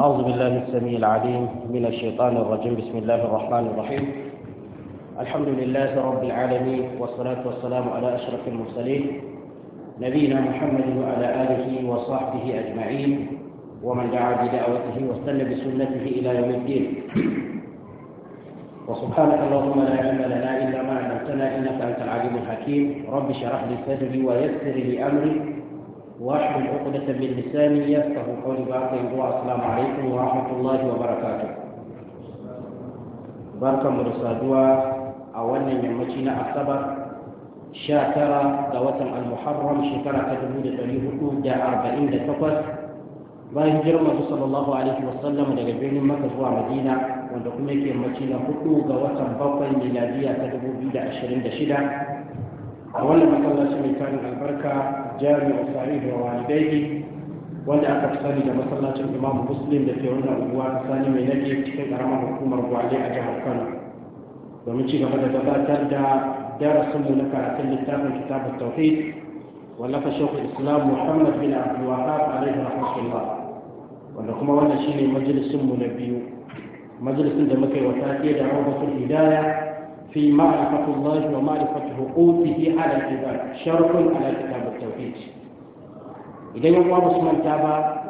أعوذ بالله السميع العليم من الشيطان الرجيم بسم الله الرحمن الرحيم الحمد لله رب العالمين والصلاة والسلام على أشرف المرسلين نبينا محمد وعلى آله وصحبه أجمعين ومن دعا بدعوته واستنى بسنته إلى يوم الدين وسبحانك اللهم لا علم لنا إلا ما علمتنا إنك أنت العليم الحكيم رب اشرح لي صدري ويسر لي أمري واحلل عقدة من لساني يفقه قولي بعد السلام عليكم ورحمة الله وبركاته بركة مرسادوة أولا يمتين أكتبر شاكرة دوة المحرم شكرة تدبود تليه أودى أربعين لتقص bayan girma su sallallahu alaihi wasallam daga birnin maka zuwa madina wanda kuma yake mace na hudu ga watan bakwai miladiya ta 2026 a wannan masallaci mai tarin albarka jami'a sa'id da walidai wanda aka sani da masallacin imamu muslim da ke wannan unguwa sani mai nake cikin karamar hukumar gwale a jihar kano domin ci gaba da gabatar da darasin mu na karatun littafin kitabun tauhid wallafa shekul islam muhammad bin abdulwahab alaihi rahmatullah wanda kuma wannan shine mu na biyu majalisin da muka yi wa da rawbatul hidaya في معرفة الله ومعرفة حقوقه على العباد شرط على كتاب التوحيد إذا يوم مسلم تابا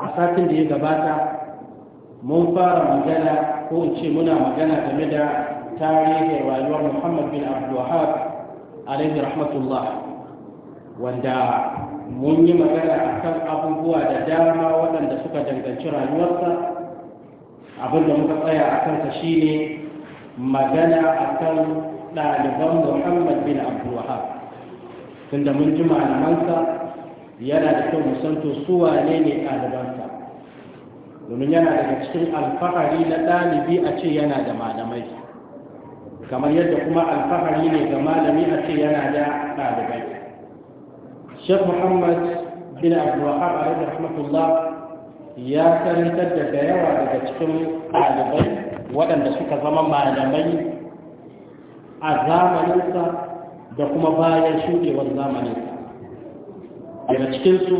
أساتن دي gabata mun fara magana ko in ce muna magana game da tarihin rayuwar muhammad bin abdulwahab alaihi rahmatullah wanda mun yi magana akan abubuwa da dama waɗanda suka danganci rayuwarsa abinda muka tsaya a kansa shine magana akan ɗaliban muhammad bin abdulwahab tunda mun ji malamansa yana da kyau musanto su wane ne ɗalibansa domin yana daga cikin alfahari na ɗalibi a ce yana da malamai kamar yadda kuma alfahari ne ga malami a ce yana da ɗalibai shek muhammad bin abdullahar a rahmatullah ya karantar da yawa daga cikin ɗalibai waɗanda suka zama malamai a zamaninsa da kuma bayan shuɗewar zamaninsa daga cikinsu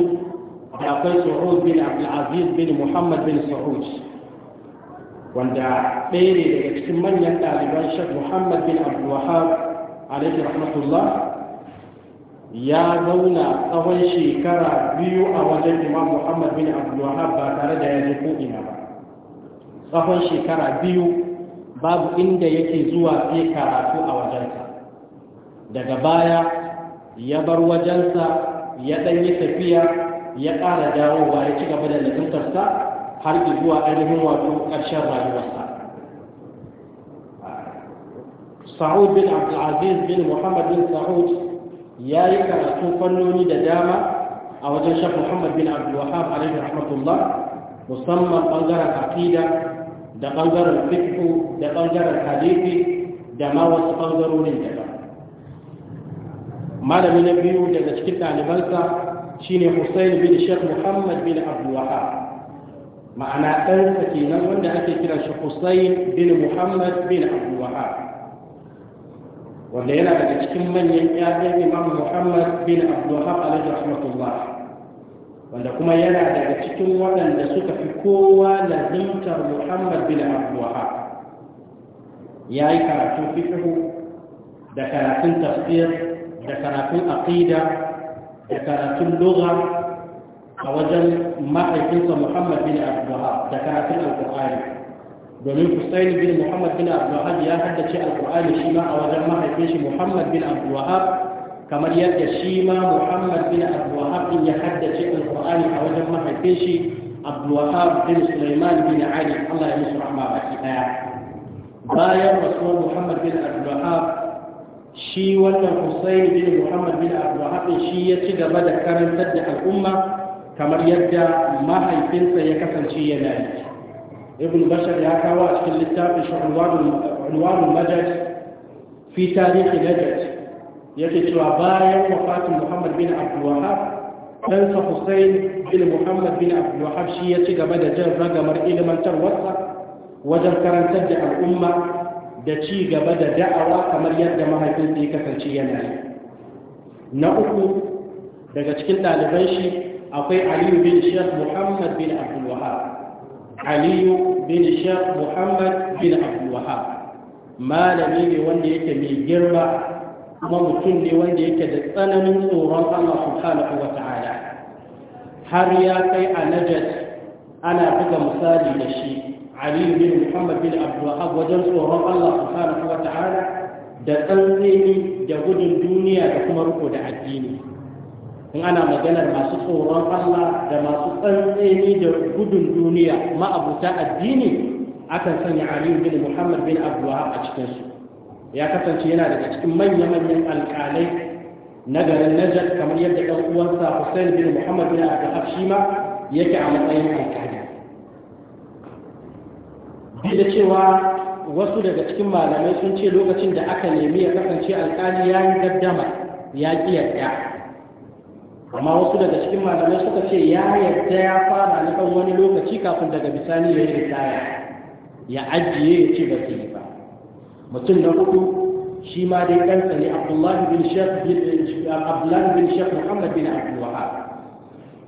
da akwai su'ud bin abdulaziz bin muhammad bin su'ud wanda ɗaya ne daga cikin manyan ɗaliban shek muhammad bin abdulwahab alaihi rahmatullah ya zauna tsawon shekara biyu a wajen imam muhammad bin abdulwahab ba tare da ya je ko'ina ba tsawon shekara biyu babu inda yake zuwa sai karatu a wajensa daga baya ya bar wajensa ya ɗanyi tafiya ya ƙara dawowa ya ci gaba da littattafarsa har zuwa ainihin wato ƙarshen rayuwarsa sa'ud bin abdulaziz bin muhammad bin sa'ud ya yi karatu fannoni da dama a wajen shafin muhammad bin abdulwahab alaihi rahmatullah musamman ɓangaren aƙida da ɓangaren fiqhu da ɓangaren halifi da ma wasu ɓangarorin ba malami na biyu daga cikin ɗalibansa shine Husain bin Sheikh Muhammad bin abdullaha ma'ana ɗansa kenan wanda ake kira shi Husain bin Muhammad bin abdullaha wanda yana daga cikin manyan yayan Imam Muhammad bin abdullaha alaihi rahmatullah wanda kuma yana daga cikin waɗanda suka fi kowa lazimtar muhammad bin abdullahi ya yi karatun fikihu da karatun tafsir da karatun aqida da karatun lugha a wajen mahaifinsa muhammad bin abdullahi da karatun alƙur'ani domin husaini bin muhammad bin abdullahi ya haddace alƙur'ani shi ma a wajen mahaifin shi muhammad bin abdullahi كما يد الشيما محمد بن أبو وهاب بن يحدد شيء من القران حوالي ما حكيشي عبد الوهاب بن سليمان بن علي الله يسر ما بكتا بايا رسول محمد بن أبو وهاب شي ولا حسين بن محمد بن أبو وهاب شي يتشد بدا كرم تدع الامه كما يد ما حيفين سيكفل شي ذلك ابن بشر يا كواش كل التابش عنوان المجد في تاريخ نجد yake cewa bayan wafatin muhammad bin abdulwahab ɗansa hussein bin muhammad bin abdulwahab shi ya ci gaba da jan ragamar ilmantarwarsa wajen karantar da al'umma da ci gaba da da'awa kamar yadda mahaifinsa ya kasance yana yi na uku daga cikin ɗaliban shi akwai aliyu bin shek muhammad bin abdulwahab aliyu bin shek muhammad bin abdulwahab malami ne wanda yake mai girma kuma mutum ne wanda yake da tsananin tsoron Allah subhanahu wa ta'ala har ya kai a najat ana buga misali da shi Ali bin Muhammad bin Abdulwahab wajen tsoron Allah subhanahu wa ta'ala da tsantseni da gudun duniya da kuma riko da addini in ana maganar masu tsoron Allah da masu tsantseni da gudun duniya ma'abuta addini akan sanya Ali bin Muhammad bin Abdulwahab a cikinsu ya kasance yana daga cikin manya-manyan alƙalai na garin Najd kamar yadda ɗan uwansa Hussein bin Muhammad bin Abdul shi ma yake a matsayin alƙali Bi da cewa wasu daga cikin malamai sun ce lokacin da aka nemi ya kasance alƙali ya yi gaddama ya ƙi yarda amma wasu daga cikin malamai suka ce ya yarda ya fara na ɗan wani lokaci kafin daga bisani ya yi ritaya ya ajiye ya ce ba zai mutum na hudu shi ma dai ɗansa ne abdullahi bin shek muhammad bin abdullahab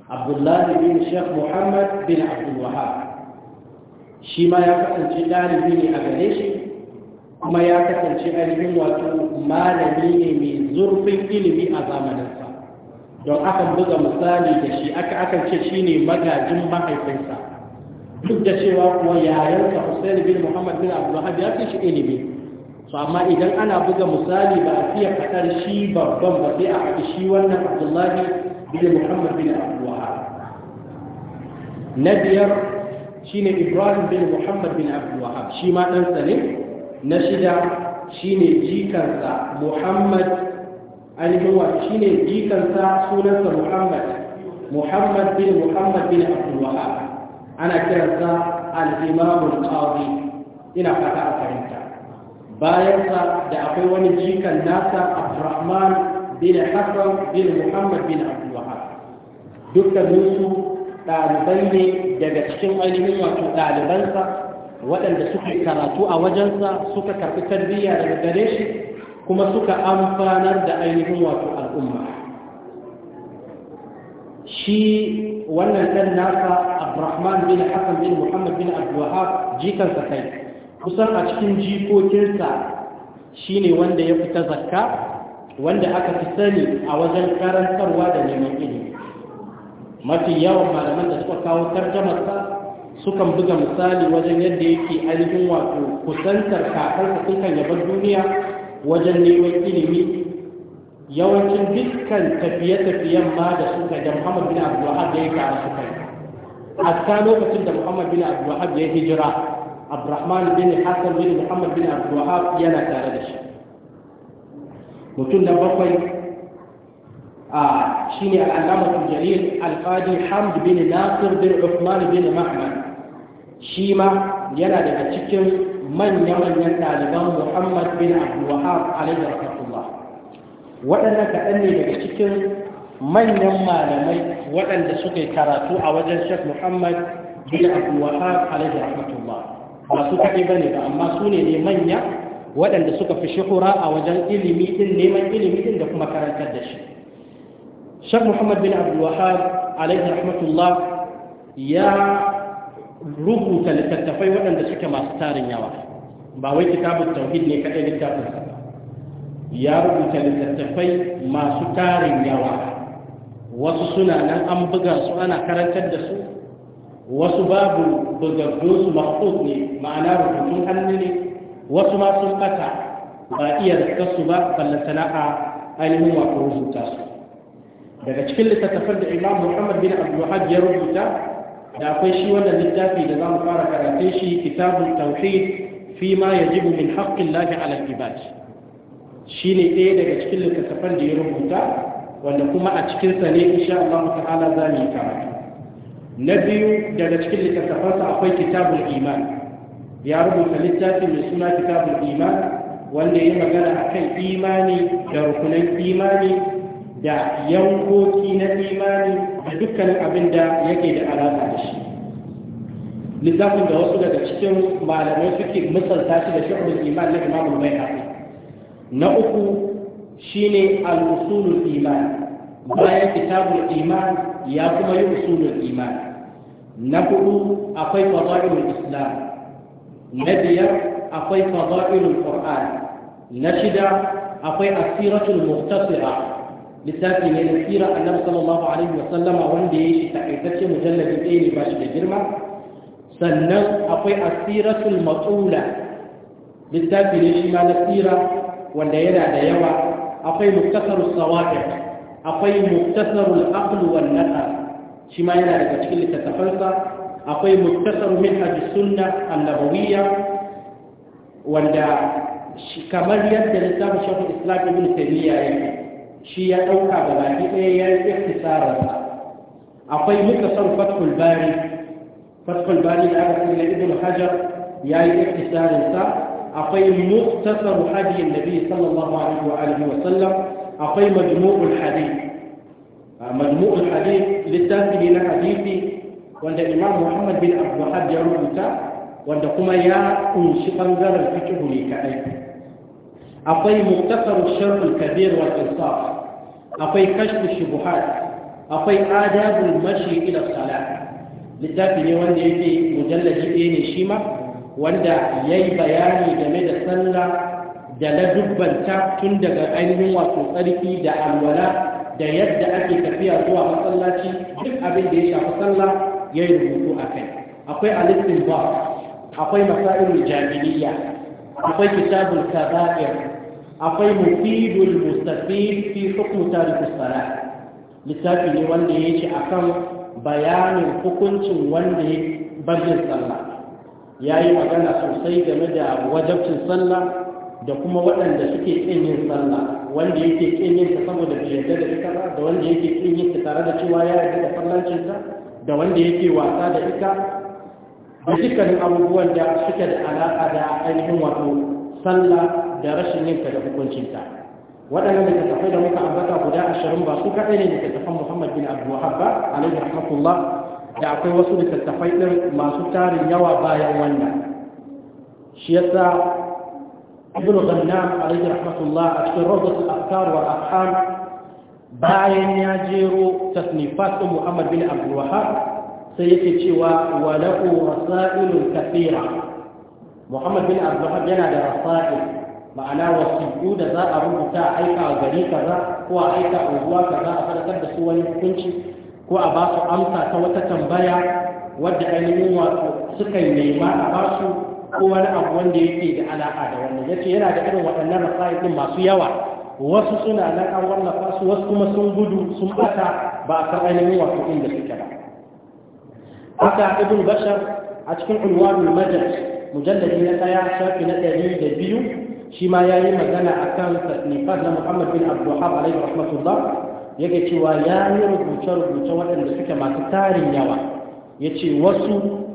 abdullahi bin shek muhammad bin abdullahab shi ma ya kasance ɗalibi ne a gare shi kuma ya kasance ainihin wato malami ne mai zurfin ilimi a zamaninsa don akan buga misali da shi aka akan ce shi ne magajin mahaifinsa duk da cewa kuwa yayansa Hussein bin Muhammad bin Abdulwahab ya ce shi ilimi to amma idan ana buga misali ba a fiye faɗar shi babban ba sai a haɗi shi wannan abdullahi bin muhammad bin abdullahi na biyar ne ibrahim bin muhammad bin abdullahi shi ma ɗansa ne na shida shine jikansa muhammad ainihin wato shine jikansa sunansa muhammad muhammad bin muhammad bin abdullahi ana kiransa al-imamul qadi ina fata a fahimta bayansa da akwai wani jikan nasa abdurrahman bin hassan bin muhammad bin abdulwahab dukkaninsu ɗalibai ne daga cikin ainihin wato ɗalibansa waɗanda suka yi karatu a wajensa suka karɓi tarbiyya daga gare shi kuma suka amfanar da ainihin wato al'umma shi wannan ɗan nasa abdurrahman bin hassan bin muhammad bin abdulwahab jikansa kai kusan a cikin jikokinsa shi ne wanda ya fita zakka wanda aka fi sani a wajen karantarwa da neman ilimi mafi yawan malaman da suka kawo tarjamarsa sukan buga misali wajen yadda yake ainihin wato kusantar kakarsa sun kan yabar duniya wajen neman ilimi yawancin dukkan tafiye-tafiyen ma da suka da muhammad bin abu wahab ya yi tare suka yi a lokacin da muhammad bin abu wahab ya hijira abdurrahman bin hassan bin muhammad bin abdulwahab yana tare da shi mutum da bakwai a shi ne al'alamatu jalil alƙadi hamd bin nasir bin Uthman bin mahmad shi ma yana daga cikin manya-manyan ɗaliban muhammad bin abdulwahab alaihi rahmatullah waɗannan kaɗan ne daga cikin manyan malamai waɗanda suka yi karatu a wajen shek muhammad bin abdulwahab alaihi rahmatullah ba su kaɗai ba ne ba amma su ne ne manya waɗanda suka fi shuhura a wajen ilimi ɗin neman ilimi ɗin da kuma karantar da shi Shak muhammad bin abdulwahab alaihi rahmatullah ya rubuta littattafai waɗanda suke masu tarin yawa ba wai kitabun tauhid ne kaɗai littafin ya rubuta littattafai masu tarin yawa wasu suna nan an buga su ana karantar da su wasu babu bugabdun su mahfuz ne ma'ana rubutun hannu ne wasu ma sun kasa ba iya da su ba ballantana a ainihin wato rubuta su daga cikin littattafan da imam muhammad bin abdulhaj ya rubuta da akwai shi wannan littafi da za mu fara karatun shi kitabun tauhid fi ma yajibu min haqqin lahi ala ibad shine ɗaya daga cikin littattafan da ya rubuta wanda kuma a cikinsa ne insha Allah ta'ala za mu yi karatu na biyu daga cikin littattafansa akwai kitabul iman ya rubuta littafi mai suna kitabul iman wanda ya magana akan imani da rukunan imani da yankoki na imani da dukkanin abin da yake da alaƙa da shi littafin da wasu daga cikin malamai suke misalta shi da shi'urul iman na imamul bai na uku shine al-usulul iman bayan kitabul iman ya kuma yi usulul iman na hudu akwai fadailul islam na biyar akwai fadailul qur'an na shida akwai asiratul muhtasira littafi ne na sira annabi sallallahu alaihi wa sallama wanda ya yi takaitacce mujallabi ɗaya ne ba shi da girma sannan akwai asiratul matsula littafi ne shi ma na sira wanda yana da yawa akwai muktasarus sawa'iq akwai muktasarul aql wal naqal shi ma yana daga cikin littattafansa akwai muktasar minhaj sunna an-nabawiyya wanda kamar yadda littafin shafin islam ibn taymiya yake shi ya dauka ga baki ɗaya ya yi iktisarar akwai muktasar fatkul bari fatkul bari da aka sanya ibn hajar ya yi iktisarin sa akwai muktasar hadiyin nabi sallallahu alaihi wa alihi wa sallam akwai majmu'ul hadith majmu'ul hadith littafi ne na hadithi wanda imam muhammad bin abdullahab ya rubuta wanda kuma ya kunshi bangaren fikihu ne kaɗai? akwai muktasar sharhul kabir wal insaf akwai kashfu shubuhat akwai adabul mashi ila salat littafi ne wanda yake mujallaji ɗaya ne shi ma wanda yayi bayani game da sallah da na dubbanta tun daga ainihin wato tsarki da alwala da yadda ake tafiya zuwa masallaci duk abin da ya shafi sallah ya yi rubutu a kai akwai alistin ba akwai masailul jami'iyya akwai kitabun kaba'ir akwai mufidul mustafid fi hukm tarihi salat littafi ne wanda ya ce akan bayanin hukuncin wanda ya bar sallah ya yi magana sosai game da wajabcin sallah da kuma waɗanda suke ƙin yin sallah wanda yake ƙin yin ta saboda bai da ita da wanda yake ƙin yin ta tare da cewa ya yi da sallancin ta da wanda yake wasa da ita da dukkanin abubuwan da suke da alaƙa da ainihin wato sallah da rashin yin ta da hukuncin ta waɗannan littattafai da muka ambata guda ashirin ba su kaɗai ne littattafan muhammad bin abu wahab ba alaihi rahmatullah da akwai wasu littattafai ɗin masu tarin yawa bayan wannan shi yasa ibn gannam alayhi rahmatullah a cikin rawdatul afkar wal afham bayan ya jero tasnifat muhammad bin abdul wahhab sai yake cewa walahu rasailun kathira muhammad bin abdullah yana da rasail ma'ana wasiqu da za a rubuta aika a gari kaza ko a aika a unguwa kaza a farkar da su wani hukunci ko a ba su amsa ta wata tambaya wadda ainihin wato suka nema a ba su ko wani abu wanda yake da alaƙa da wannan yace yana da irin waɗannan rasail ɗin masu yawa wasu suna nan an wallafa su wasu kuma sun gudu sun bata ba a san ainihin wato inda suke ba haka ibn bashar a cikin ulwanul majal mujalladi na ɗaya shafi na ɗari da biyu shi ma ya yi magana a kan tasnifar na muhammad bin abdullahi alaihi rahmatullah yake cewa ya rubuce-rubuce waɗanda suke masu tarin yawa ya ce wasu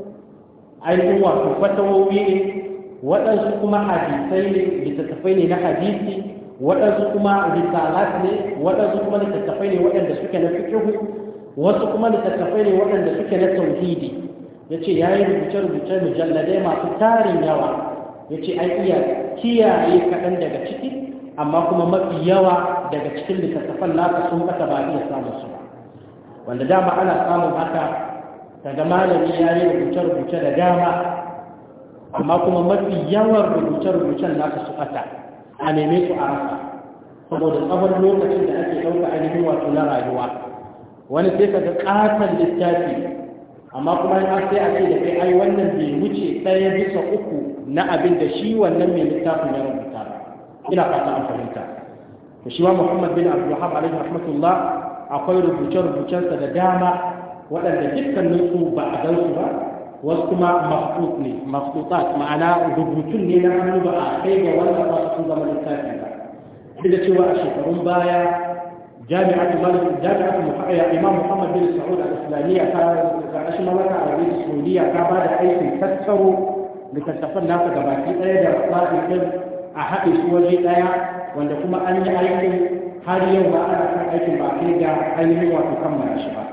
ainihin wato fatawowi ne waɗansu kuma hadisai ne littattafai ne na hadisi waɗansu kuma risalat ne waɗansu kuma littattafai ne waɗanda suke na fikihu wasu kuma littattafai ne waɗanda suke na tauhidi ya ce ya yi rubuce-rubuce mujalladai masu tarin yawa ya ce an iya kiyaye kaɗan daga ciki amma kuma mafi yawa daga cikin littattafan nasa sun kasa ba iya samun su ba wanda dama ana samun haka daga malami ya yi rubuce-rubuce da dama amma kuma mafi yawan rubuce-rubucen naka su ɓata a neme su a rasa saboda tsawon lokacin da ake ɗauka ainihin wato na rayuwa wani sai ka ga ƙaton littafi amma kuma ya sai a ce da kai ai wannan bai wuce ɗaya bisa uku na abin da shi wannan mai littafin ya rubuta ina fata an fahimta to shi ma muhammad bin abdulhab alaihi rahmatullah akwai rubuce-rubucensa da dama waɗanda dukkanin su ba a gansu ba wasu kuma mafsut ne mafsutat ma'ana rubutun ne na hannu ba a kai ga wanda ba su zama littafi ba duk da cewa a shekarun baya jami'atu malik jami'atu imam muhammad bin sa'ud al-islamiyya ta karashin mallaka arabiya saudiya ta ba da aikin tattaro littattafan nasa baki ɗaya da din a haɗe su waje ɗaya wanda kuma an yi aikin har yau ba ana kan aikin ba kai ga ainihin wato kammala shi ba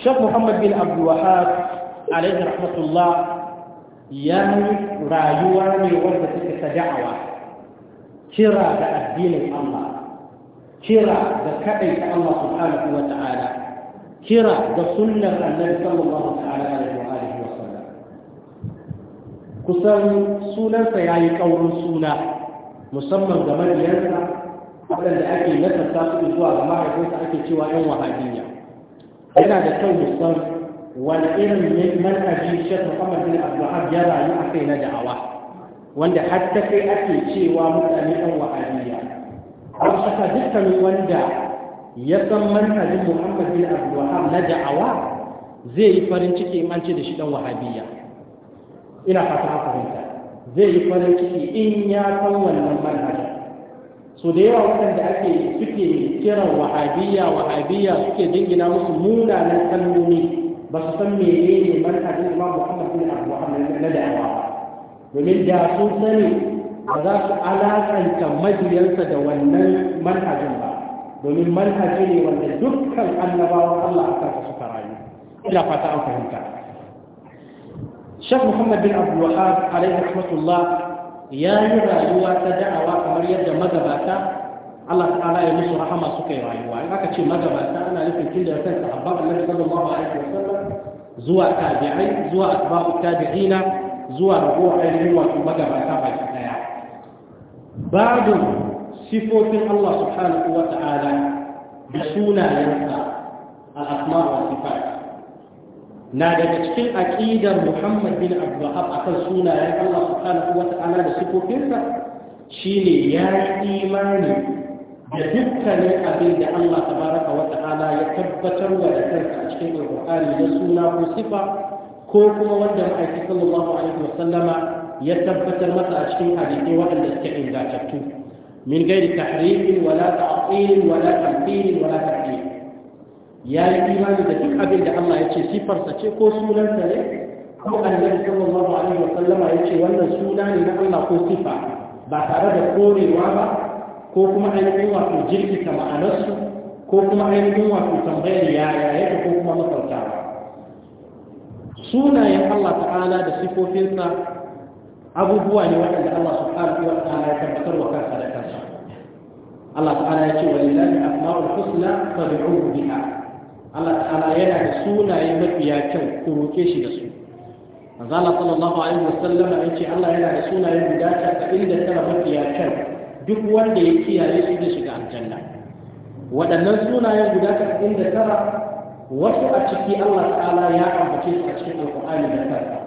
Sheikh Muhammad bin Abdul Wahab alaihi rahmatullah ya rayuwa ne wanda take ta da'awa kira da addinin Allah kira da kaɗai ta Allah subhanahu wa ta'ala kira da sunnar annabi sallallahu ta'ala alaihi wa alihi wa sallam kusan sunansa yayi kaurin suna musamman ga mabiyansa waɗanda ake nasarta su zuwa ga mahaifinsa ake cewa 'yan wahabiyya yana da kyau mu san wani irin manhaji Sheikh Muhammad bin Abdul ya rayu a kai na da'awa wanda har ta kai ake cewa mutane ɗan wahabiyya har saka dukkanin wanda ya san manhajin Muhammad bin Abdul na da'awa zai yi farin ciki in an ce da shi ɗan wahabiyya ina fata fahimta zai yi farin ciki in ya san wannan manhajin su da yawa waɗanda ake suke kiran wahabiyya wahabiyya suke jingina musu munanan kalmomi ba su san menene manhajin imam muhammad bin abu muhammad na da'awa domin da sun sani ba za su alaƙanta majiyansa da wannan manhajin ba domin manhaji ne wanda dukkan annabawan allah a kansa suka rayu ina fata an fahimta Sheikh Muhammad bin Abdul Wahab alaihi rahmatullah ya yi rayuwa ta da'awa kamar yadda magabata Allah ta'ala ya musu rahama suka yi rayuwa in aka ce magabata ana nufin tun da kan sahabban Allah sallallahu alaihi wasallam zuwa tabi'ai zuwa asbabu tabi'ina zuwa ragowar ainihin wato magabata baki daya babu sifofin Allah subhanahu wa ta'ala da sunayensa al-asma wa sifat na daga cikin aqidar Muhammad bin Abdul Wahhab akan sunayen Allah ta'ala da sifofinsa shine ya yi imani da dukkanin abin da Allah tabaraka wa ta'ala ya tabbatar wa da kansa a cikin alƙur'ani da suna ko sifa ko kuma wanda ma'aiki sallallahu alaihi wa sallama ya tabbatar masa a cikin hadisai waɗanda suke ingantattu min gairi tahrifin wala ta'til wala tamthil wala ta'til ya yi imani da duk abin da Allah ya ce sifarsa ce ko sunansa ne ko annabi sallallahu alaihi wa sallama yace wannan suna ne na Allah ko sifa ba tare da korewa ba ko kuma ainihin wato ta ma'anarsu ko kuma ainihin wato tambayar yaya yake ko kuma masautawa sunayen Allah ta'ala da sifofinsa abubuwa ne waɗanda Allah subhanahu wa ta'ala ya tabbatar wa kansa da kansa Allah ta'ala ya ce wa lillahi asma'ul husna fad'uhu biha Allah ta'ala yana da sunaye mafiya kyau ku roke shi da su manzala sallallahu alaihi wasallam ya ce Allah yana da sunaye guda casa'in da tara mafiya kyau duk wanda ya kiyaye su da shiga aljanna waɗannan sunayen guda casa'in da tara wasu a ciki Allah ta'ala ya ambace su a cikin alƙur'ani da kansa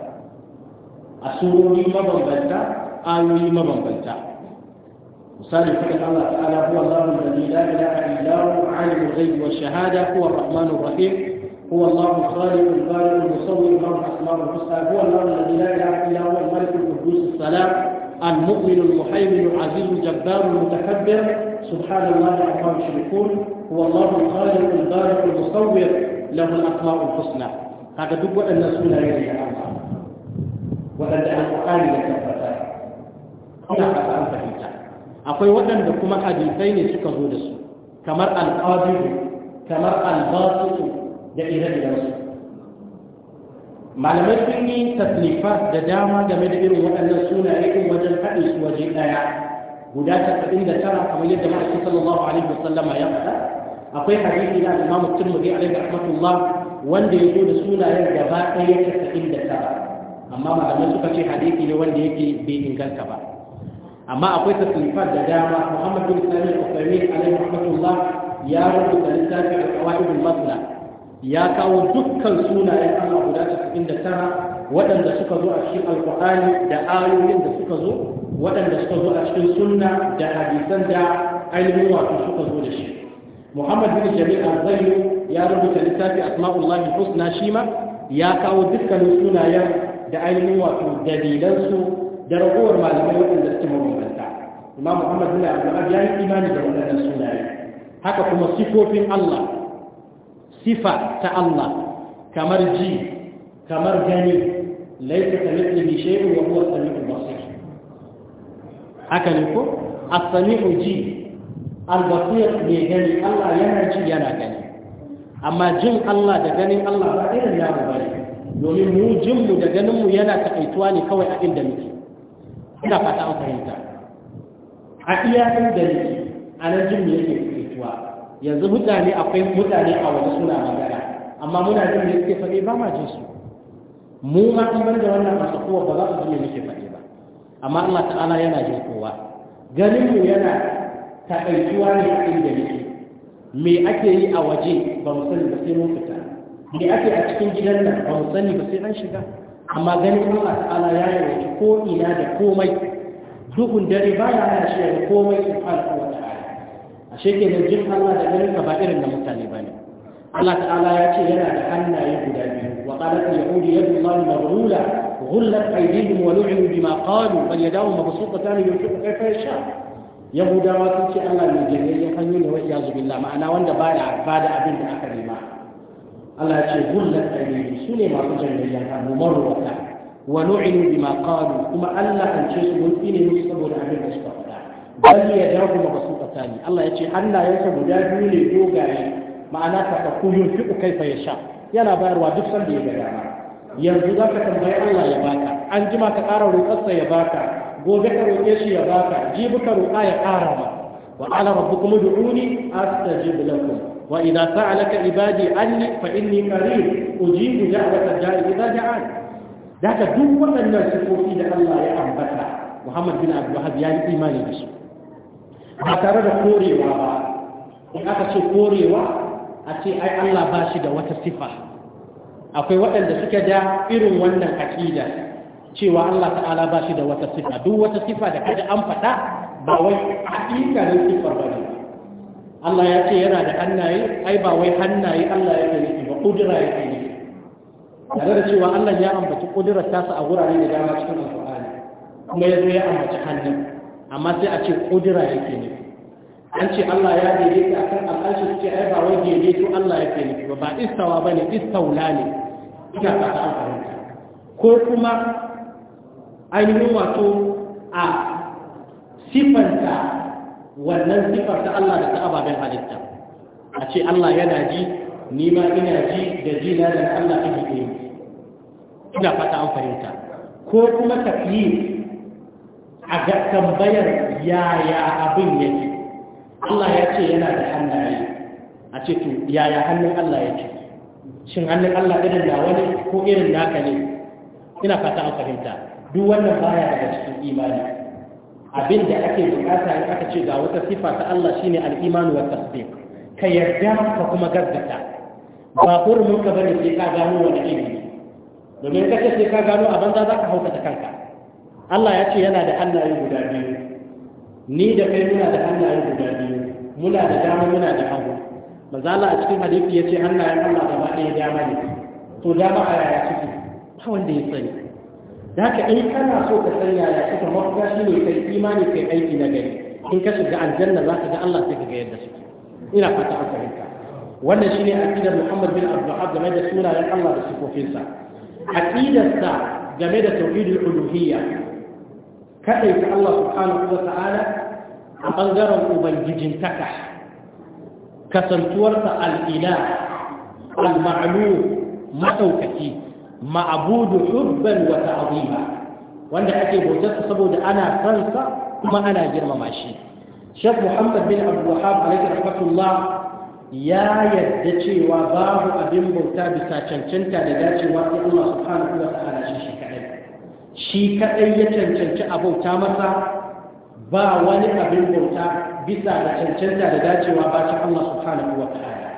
a surori mabambanta ayoyi mabambanta misali fadin Allah ta'ala huwa Allahu alladhi la ilaha illa huwa alimul ghaibi wash shahada huwa ar-rahmanur rahim هو الله الخالق البارئ المصور له الاسماء الحسنى هو الله الذي لا اله الا هو الملك القدوس السلام المؤمن المحيمن العزيز الجبار المتكبر سبحان الله عما يشركون هو الله الخالق البارئ المصور له الاسماء الحسنى هذا دب ان sunaye ne na Allah waɗanda alƙur'ani ya لك ina ka an fahimta akwai waɗanda kuma hadisai ne suka zo da su kamar kamar da ire-irensu malamai sun yi tasnifa da dama game da irin waɗannan sunaye ɗin wajen haɗe su waje ɗaya guda tasa'in da tara kamar yadda ma'aikin sallallahu alaihi wasallama ya faɗa akwai hadisi na imamu turmudi alaihi rahmatullah wanda ya zo da sunayen gaba ɗaya tasa'in da tara amma malamai suka ce hadisi ne wanda yake bai inganta ba amma akwai tasnifat da dama muhammad bin sami al-usaimi alaihi rahmatullah ya rubuta littafin al-qawaid al-masla ya kawo dukkan sunayen Allah guda tara waɗanda suka zo a cikin alƙur'ani da ayoyin da suka zo waɗanda suka zo a cikin sunna da hadisan da ainihin wato suka zo da shi Muhammad bin Jamil al-Zayyu ya rubuta littafi Asma'ullahi Husna shima ya kawo dukkanin sunayen da ainihin wato dalilansu da ragowar malamai waɗanda suka mabambanta Imam Muhammad bin Abdul ya yi imani da waɗannan sunayen. haka kuma sifofin Allah sifa ta Allah kamar ji kamar gani laifin ka mithlihi shay'un wa huwa as-sami'ul basir haka ne ko a sami ji al ne gani Allah yana ji yana gani amma jin Allah da ganin Allah ba irin yaro ne domin mu jin mu da ganin mu yana takaituwa ne kawai a inda muke ina fata an fahimta a iya inda nake a nan jin mu yake takaituwa yanzu mutane akwai mutane a wani suna magana amma muna jin da suke faɗi ba ma jin su mu ma in bar da wannan kowa ba za su ji me muke faɗi ba amma Allah ta'ala yana jin kowa ganin mu yana taƙaituwa ne a inda muke me ake yi a waje ba mu sani ba sai mun fita me ake a cikin gidan nan ba mu sani ba sai an shiga amma ganin Allah ta'ala ya yi ko ina da komai duhun dare ba ya hana shi da komai subhanahu a shekenan jin Allah da ganin ka ba irin na mutane ba Allah ta'ala ya ce yana da hannaye guda biyu wa qalat yahudi yadu Allah maghlula ghullat aydihim wa lu'inu bima qalu bal yadahu mabsuqatan yunfiqu kayfa yasha yahudawa sun ce Allah da jirgin hannu ne wajen iyazu billah ma'ana wanda ba da abin da aka nema Allah ya ce ghullat aydihim su ne masu jirgin hannu marwata wa lu'inu bima qalu kuma Allah an ce su mun ne musu saboda abin da suka bal ya dahu mabsutatani Allah ya ce hannayensa guda biyu ne dogaye ma'ana takaku fi kaifa yasha yana bayarwa duk sanda ya ga yanzu za ka tambayi Allah ya baka an jima ka ƙara roƙarsa ya baka gobe ka roƙe shi ya baka jibi ka roƙa ya ƙara ma wa ala rabbukum ud'uni astajib lakum wa idza sa'alaka ibadi anni fa inni qarib ujibu da'wata da'i idza da'an daga duk waɗannan sifofi da Allah ya ambata Muhammad bin Abdul ya yi imani da shi. ba tare da korewa ba in aka ce korewa a ce ai Allah ba shi da wata sifa akwai waɗanda suke da irin wannan aƙida cewa Allah ta'ala ba shi da wata sifa duk wata sifa da kada an faɗa ba wai haƙiƙanin sifar ba ne Allah ya ce yana da hannaye ai ba wai hannaye Allah ya nufi ba Kudura ya ne tare da cewa Allah ya ambaci kudurar tasa a wurare da dama cikin alƙur'ani kuma ya zo ya ambaci hannun amma sai a ce kudura yake ne an ce Allah ya daidaita akan al'ashi suke ai ba wai daidaito Allah yake ne ba ba istawa bane istaula ne ina ba ta amfani ko kuma ainihin wato a sifanta wannan sifar ta Allah da ta ababen halitta a ce Allah yana ji ni ma ina ji da ji na da Allah ake yi ina fata an fahimta ko kuma tafiye a ga tambayar yaya abin yake Allah ya ce yana da hannaye a ce to yaya hannun Allah yake shin hannun Allah irin da wani ko irin naka ne ina fata an fahimta duk wannan baya daga cikin imani abin da ake bukata in aka ce ga wata sifa ta Allah shine al-iman wa tasdiq ka yarda ka kuma gaggata ba hurumin ka bane sai ka gano wani ilimi domin kace sai ka gano a banza zaka hauka ta kanka Allah ya ce yana da hannaye guda biyu ni da kai muna da hannaye guda biyu muna da dama muna da hagu maza Allah a cikin hadisi ya ce hannayen Allah gaba ɗaya dama ne to dama a yaya ciki ba wanda ya sani da haka in kana so ka san yaya suka mafita shi ne kai imani kai aiki na gari in ka shiga aljanna za ka ga Allah sai ka ga yadda suke ina fata an fahimta wannan shine aƙidar Muhammad bin Abdullahi, game da sunayen Allah da sifofinsa aqidarsa game da tauhidul uluhiyya kaɗaita Allah subhanahu wa ta'ala a ɓangaren ubangijintaka kasantuwarsa al'ila al-ma'alu matsaukaki ma'abudu hubban Wata, ta'azima wanda ake bautarsa saboda ana sansa kuma ana girmama shi shek Muhammad bin Abdul Wahhab alaihi rahmatullah ya yadda cewa babu abin bauta bisa cancanta da dacewa sai Allah subhanahu wa ta'ala shi shi kaɗai ya cancanci abauta masa ba wani abin bauta bisa da cancanta da dacewa ba ta Allah subhanahu wa ta'ala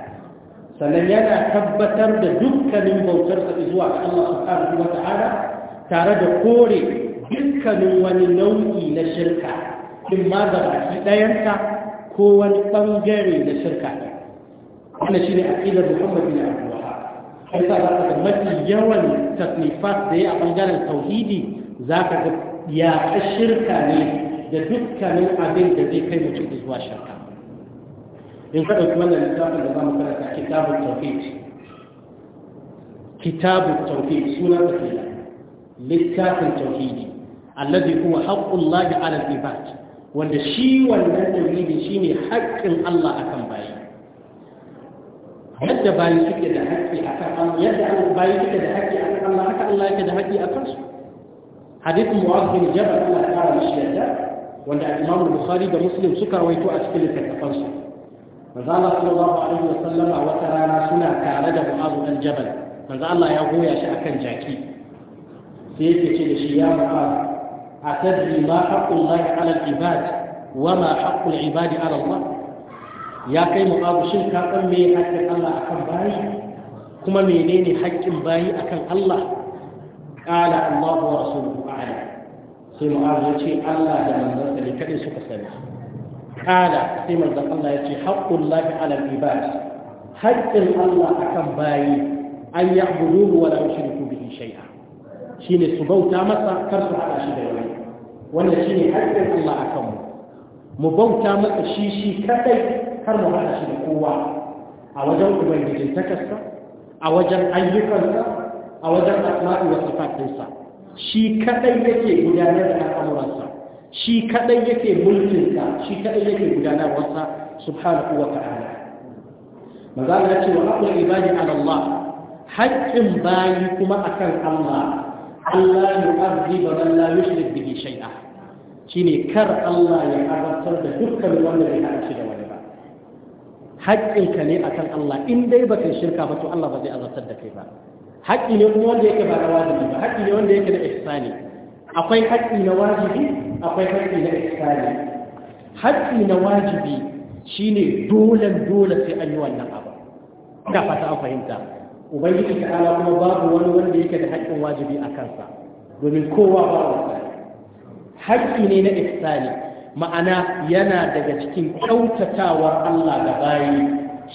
sannan yana tabbatar da dukkanin bautarsa zuwa ga Allah subhanahu wa ta'ala tare da kore dukkanin wani nau'i na shirka in ma ga baki ɗayanta ko wani ɓangare na shirka wannan shi ne Muhammad bin Abdul sai sa za ka mafi yawan tasnifat da ya a bangaren tauhidi za ka ga ya shirka ne da dukkanin abin da zai kai mutum zuwa shirka in ka ɗauki wannan littafin da za mu karanta kitabun tauhid kitabun tauhid suna ta fila littafin tauhidi allazi kuma haqqul lahi ala ibad wanda shi wannan tauhidi shine haƙƙin Allah akan yadda bayi suke da haƙƙi a kan yadda bayi suke da haƙƙi a kan Allah haka Allah yake da haƙƙi a kansu hadith mu'adh bin jabal Allah ya fara mishi yadda wanda Imam Bukhari da Muslim suka rawaito a cikin littattafan su manzo Allah sallallahu alaihi wasallam a wata rana suna tare da Mu'adh bin Jabal manzo Allah ya goya shi akan jaki sai yake ce da shi ya Mu'adh atadri ma haqqu Allah 'ala al-ibad wa ma haqqu al-ibad 'ala Allah ya kai mu mu'abu shin ka san me haƙƙin Allah akan bayi kuma menene haƙƙin bayi akan Allah qala Allahu wa rasuluhu a'lam sai mu ya ce Allah da manzon sa kadai suka sani qala sai manzon Allah ya ce haqqullahi 'ala al-ibad haƙƙin Allah akan bayi an ya'buduhu wa la yushriku bihi shay'a shine su bauta masa kar su hada shi da wani wannan shine haƙƙin Allah akan mu mu bauta masa shi shi kadai kar mu haɗa shi da kowa a wajen ubangijin takasta, a wajen ayyukansa a wajen asma'i wa sifatinsa shi kaɗai yake gudanar da al'amuransa shi kaɗai yake mulkinsa shi kaɗai yake gudanar gudanarwarsa subhanahu wa ta'ala maza ya ce wa aqul ibadi ala Allah Haƙƙin bayi kuma akan Allah Allah yu'adhibu man la yushrik bihi shay'a shine kar Allah ya azabtar da dukkan wanda ya haɗa shi da haƙƙinka ne akan Allah in dai baka shirka ba to Allah ba zai azabtar da kai ba haƙƙi ne kuma wanda yake ba na wajibi ba haƙƙi ne wanda yake na ihsani akwai haƙƙi na wajibi akwai haƙƙi na ihsani haƙƙi na wajibi shine dole dole sai an yi wannan abu ina fata an fahimta ubangiji ta'ala kuma babu wani wanda yake da haƙƙin wajibi a kansa domin kowa ba haƙƙi ne na ihsani ma'ana yana daga cikin kyautatawar Allah ga bayi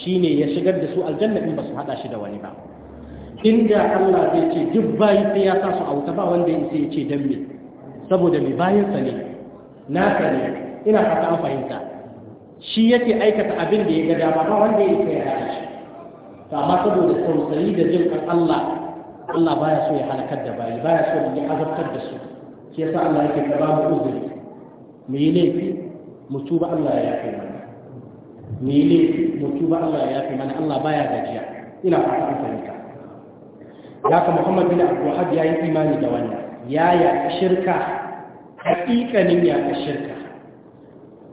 shine ya shigar da su aljanna in ba su hada shi da wani ba inda Allah zai ce duk bayi sai ya sa su a wuta ba wanda ya ya ce dan me saboda mai bayansa ne naka ne ina fata an fahimta shi yake aikata abin da ya ga dama ba wanda ya hada shi to amma saboda tausayi da jin Allah Allah baya so ya halakar da bayi baya so ya azabtar da su shi yasa Allah yake ka ba mu uzuri mu yi laifi mu tuba Allah ya yafe mana mu yi laifi mu tuba Allah ya yafe mana Allah baya gajiya ina fata an fahimta ya ka Muhammad bin Abdul Wahab ya yi imani da wannan ya ya shirka hakikanin ya shirka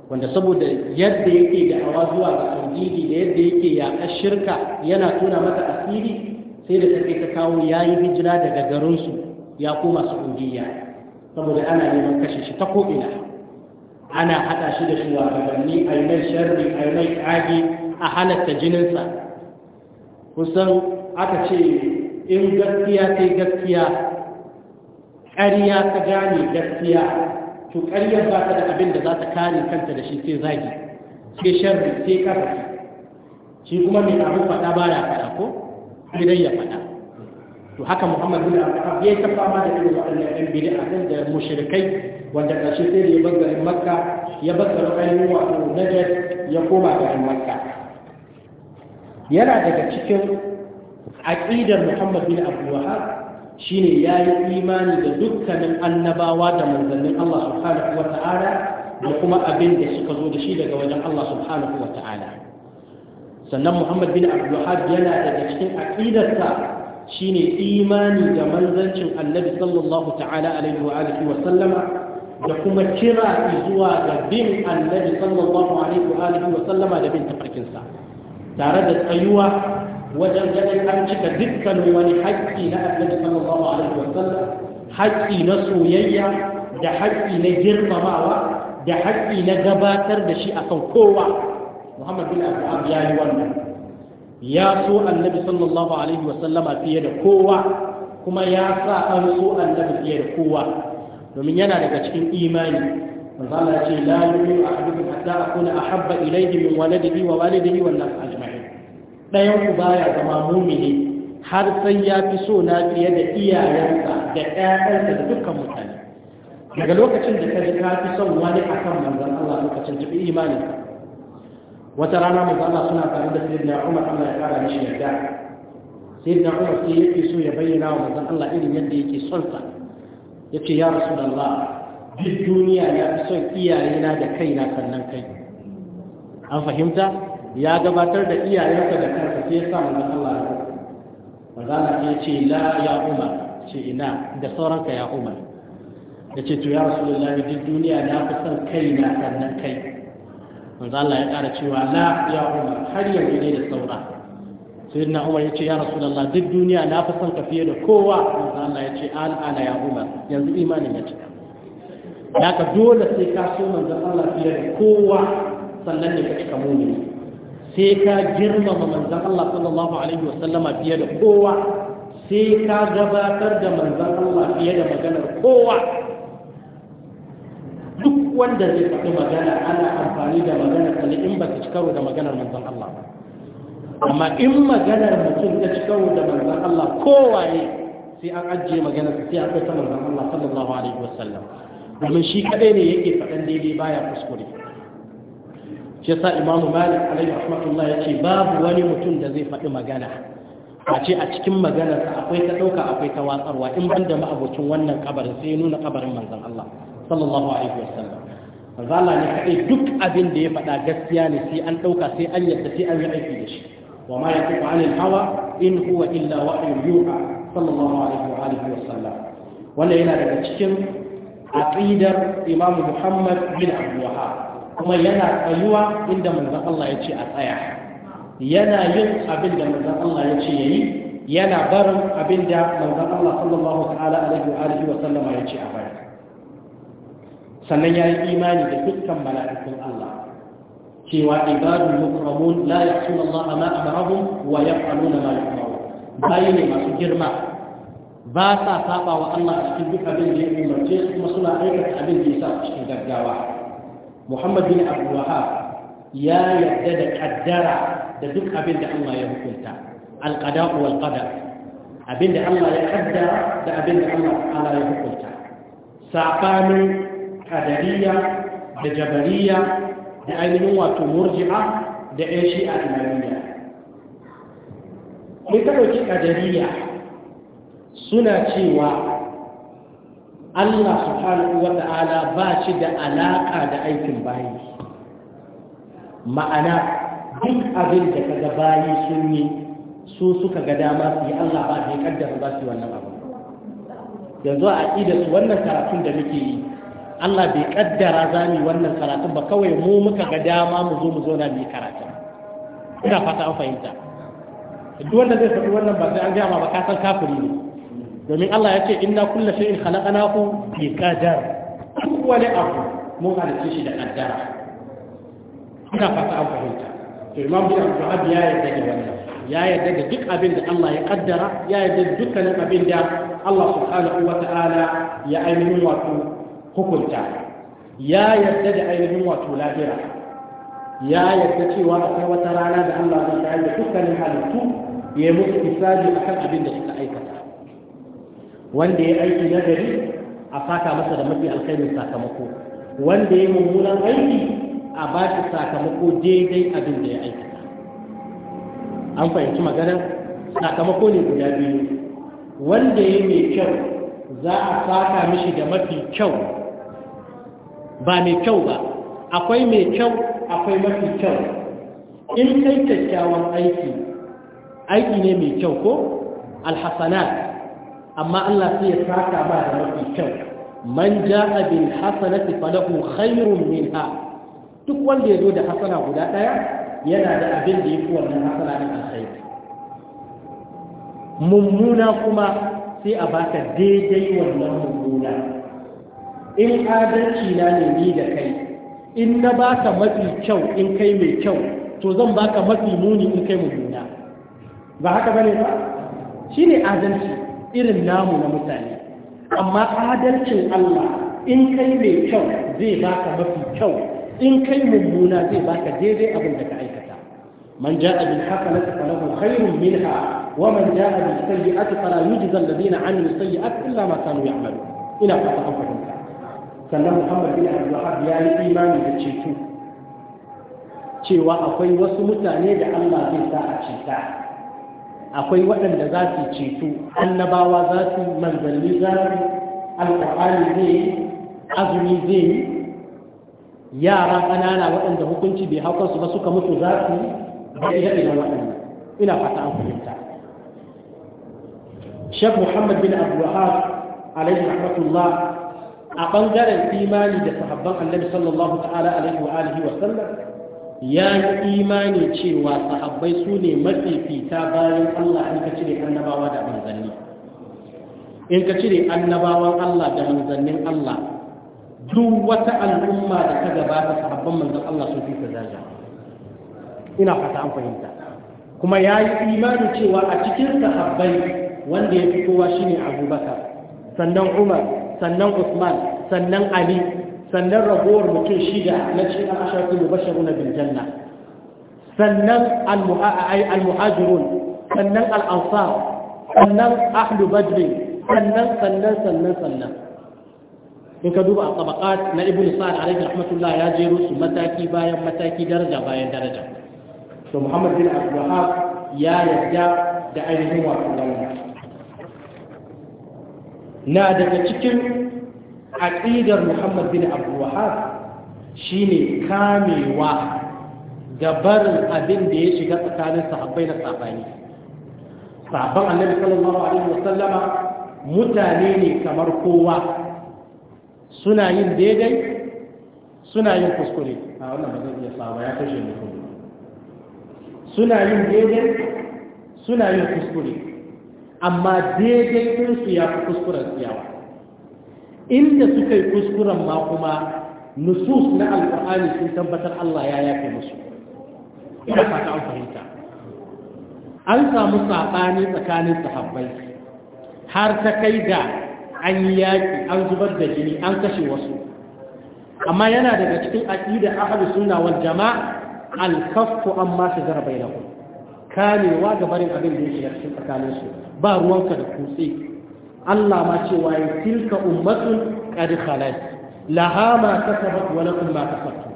wanda saboda yadda yake da hawa zuwa ga tauhidi da yadda yake ya shirka yana tona mata asiri sai da take ta kawo yayi hijira daga garinsu ya koma su ungiya saboda ana neman kashe shi ta ko'ina ana haɗa shi da shugabanni a yi mai sharri a yi mai ƙage a halatta jininsa kusan aka ce in gaskiya sai gaskiya ƙarya ka gane gaskiya to ƙaryar ba ta da abin da za ta kare kanta da shi sai zagi sai sharri sai kafa shi kuma mai abin faɗa ba ya faɗa ko idan ya faɗa to haka muhammad bin abdullahi ya ta fama da irin waɗannan ɗan bid'a da mushrikai wanda ƙarshe sai da ya bar garin makka ya bar garin ainihin wato najar ya koma garin makka yana daga cikin aƙidar muhammad bin abdulwahab shine ya yi imani da dukkanin annabawa da manzannin allah subhanahu wa ta'ala da kuma abin da suka zo da shi daga wajen allah subhanahu wa ta'ala sannan muhammad bin abdulwahab yana daga cikin aƙidarsa shine imani da manzancin annabi sallallahu ta'ala alaihi wa alihi wa sallama da kuma kira zuwa ga bin annabi sallallahu alaihi wa alihi wa sallama da bin tafarkinsa tare da tsayuwa wajen ganin an cika dukkan wani haƙƙi na annabi sallallahu alaihi wa sallam haƙƙi na soyayya da haƙƙi na girmamawa da haƙƙi na gabatar da shi akan kowa Muhammad bin Abdul ya yi wannan ya so annabi sallallahu alaihi wa sallama fiye da kowa kuma ya sa an so annabi fiye da kowa domin yana daga cikin imani manzo Allah ya a la yu'minu ahadukum hatta akuna ahabba ilayhi min waladihi wa walidihi wan nas ajma'in dayan ku baya zama mumini har sai ya fi so na fiye da iyayensa da ƴaƴansa da dukkan mutane daga lokacin da ka ji ka fi son wani akan manzon Allah lokacin tafi imanin wata rana manzo Allah suna tare da sayyidina Umar Allah ya kara mishi yarda sayyidina Umar sai yake so ya bayyana wa manzon Allah irin yadda yake son sa ya ce ya rasu da Allah duk duniya ya fi son iyayena da kaina sannan kai an fahimta ya gabatar da iyayensa da kansa sai ya sa manzon Allah ya manzon ya ce la ya umar ce ina da sauranka ya umar ya ce to ya rasu da Allah duk duniya ya fi son kaina sannan kai manzon Allah ya ƙara cewa la ya umar har yanzu ne da saura sayyidina umar ya ce ya rasulullah duk duniya na fi son ka fiye da kowa manzo Allah ya ce an ya umar yanzu imanin ya cika da ka dole sai ka so manzo Allah fiye da kowa sannan ne ka cika mu'mini sai ka girmama manzo Allah sallallahu alaihi wasallama fiye da kowa sai ka gabatar da manzan Allah fiye da maganar kowa duk wanda zai faɗi magana ana amfani da maganar kalli in ba ta ci karo da maganar manzan Allah ba amma in maganar mutum ta ci karo da manzan Allah kowaye sai an ajiye maganar sai a kai ta manzan Allah sallallahu alaihi wasallam domin shi kadai ne yake faɗan daidai baya kuskure shi yasa imamu malik alaihi rahmatullah ya ce babu wani mutum da zai faɗi magana a ce a cikin maganarsa akwai ta ɗauka akwai ta watsarwa in ban da ma'abocin wannan kabarin sai nuna kabarin manzan Allah sallallahu alaihi wasallam manzan ne kadai duk abin da ya faɗa gaskiya ne sai an ɗauka sai an yadda sai an yi aiki da shi وما ينطق عن الهوى إن هو إلا وحي يوحى صلى الله عليه وآله وسلم ولا إلى تشكر عقيدة إمام محمد بن عبد الوهاب kuma yana tsayuwa inda manzon Allah ya ce a tsaya yana yin abin da manzon Allah ya ce yayi yana barin abin da manzon Allah sallallahu ta'ala alaihi wa alihi wa sallama ya ce a baya sannan ya yi imani da dukkan mala'ikun Allah cewa ibadul mukramun la ya'suna Allah ma amarahum wa yaf'aluna ma yukramun bayi ne masu girma ba sa saba wa Allah a cikin duk abin da ya umarce su kuma suna aikata abin da ya sa cikin gaggawa Muhammad bin Abdul Wahhab ya yarda da kaddara da duk abin da Allah ya hukunta al-qada'u wal qadar abin da Allah ya kaddara da abin da Allah ta'ala ya hukunta sabanin Kadariya, da jabariya da ainihin wato murji'a da yan shi'a imamiyya mai ta ɗauki ƙadariya suna cewa Allah subhanahu wa ta'ala ba shi da alaƙa da aikin bayi ma'ana duk abin da kaga bayi sun yi su suka ga dama su yi Allah ba zai kaddara ba su wannan abu yanzu a ƙida su wannan karatun da muke yi Allah bai kaddara za mu wannan karatun ba kawai mu muka ga dama mu zo mu zauna mu yi karatun. ina fata an fahimta duk wanda zai faɗi wannan ba sai an gama ba ka san kafiri ne domin Allah ya ce inna kullu shay'in khalaqnahu bi qadar duk wani abu mun halicce shi da kaddara ina fata an fahimta to imam bin abdul ya yarda da wannan ya yarda da duk abin da Allah ya kaddara ya yarda da dukkanin abin da Allah subhanahu wa ta'ala ya ainihin wato hukunta ya yarda da ainihin wato lafira ya yarda cewa akwai wata rana da Allah zai tayar da dukkanin halittu ya yi musu hisabi akan abin da suka aikata wanda ya aiki na gari a fata masa da mafi alkhairin sakamako wanda ya mummunan aiki a ba shi sakamako daidai abin da ya aikata an fahimci magana sakamako ne guda biyu wanda ya yi mai kyau za a fata mishi da mafi kyau ba mai kyau ba akwai mai kyau akwai mafi kyau in kai kyakkyawan aiki aiki ne mai kyau ko alhasanat amma Allah sai ya saka ba da mafi kyau man ja'a bil hasanati falahu khairun minha duk wanda ya zo da hasana guda daya yana da abin da yafi wannan hasana din alkhairi mummuna kuma sai a baka daidai wannan mummuna in adalci na ne ni da kai in na baka mafi kyau in kai mai kyau to zan baka mafi muni in kai mummuna ba haka bane ba shine adalci irin namu na mutane amma adalcin Allah in kai mai kyau zai baka mafi kyau in kai mummuna zai baka daidai abin da ka aikata man ja'a bil hasanati falahu khairun minha wa man ja'a bis sayyi'ati fala yujza alladhina 'amilu sayyi'ati illa ma kanu ya'malun ina fata an fahimta sannan muhammad bin abdullahab ya yi imani da ceto cewa akwai wasu mutane da allah zai sa a ceta akwai waɗanda za su ceto annabawa za su manzanni za su alƙur'ani zai azumi zai yi yara ƙanana waɗanda hukunci bai hau su ba suka mutu za su ba iya idan waɗanda ina fata an fahimta shek muhammad bin abu wahab alaihi rahmatullah a ɓangaren imani da sahabban annabi sallallahu ta'ala alaihi wa alihi wa sallam ya yi imani cewa sahabbai su ne mafifita bayan Allah in ka cire annabawa da manzanni in ka cire annabawan Allah da manzannin Allah duk wata al'umma da ta gabata sahabban manzan Allah sun fi daraja ina fata an fahimta kuma ya yi imani cewa a cikin sahabbai wanda ya fi kowa shine Abubakar sannan Umar sannan Usman sannan Ali sannan ragowar mutum shida na cikin ashatu mubashiruna bil janna sannan al-muhajirun sannan al-ansar sannan ahlu sannan sannan sannan sannan in ka duba tabaqat na ibnu sa'd alayhi rahmatullah ya jero su mataki bayan mataki daraja bayan daraja to muhammad bin abdullah ya yarda da ainihin wato na daga cikin aƙidar muhammad bin abu shi ne kamewa ga barin abin da ya shiga tsakanin sahabbai na sabani sabon annabi sallallahu alaihi wasallama mutane ne kamar kowa suna yin daidai suna yin kuskure a wannan ba zai iya saba ya kashe ne suna yin daidai suna yin kuskure amma daidai ɗinsu ya fi kuskuren tsiyawa inda suka yi kuskuren ma kuma nusus na alƙur'ani sun tabbatar Allah ya yafe musu ina fata an fahimta an samu saɓani tsakanin sahabbai har ta kai da an yaƙi an zubar da jini an kashe wasu amma yana daga cikin aƙida ahlus suna wal jama'a al-kaffu amma shajara bainahum kamewa ga barin abin da yake cikin tsakanin su ba ruwanka da kutse Allah ma ce ya tilka ummatun qad khalat laha ma kasabat wa lakum ma kasabtum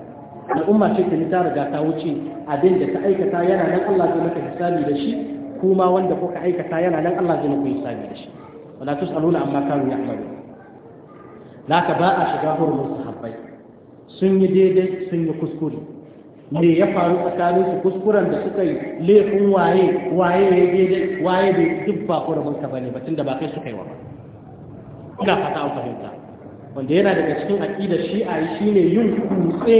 al'umma ce ta ta riga ta wuce abin da ta aikata yana nan Allah zai maka hisabi da shi kuma wanda kuka aikata yana nan Allah zai maka hisabi da shi wala tusaluna amma kanu ya'malu laka ba a shiga hurumin sahabbai sun yi daidai sun yi kuskure me ya faru tsakanin su kuskuren da suka yi laifin waye waye ya je dai waye bai duk ba ko rabon ka bane batun da ba kai suka yi wa ba ina fata an fahimta wanda yana daga cikin aqidar shi'a shine yin kutse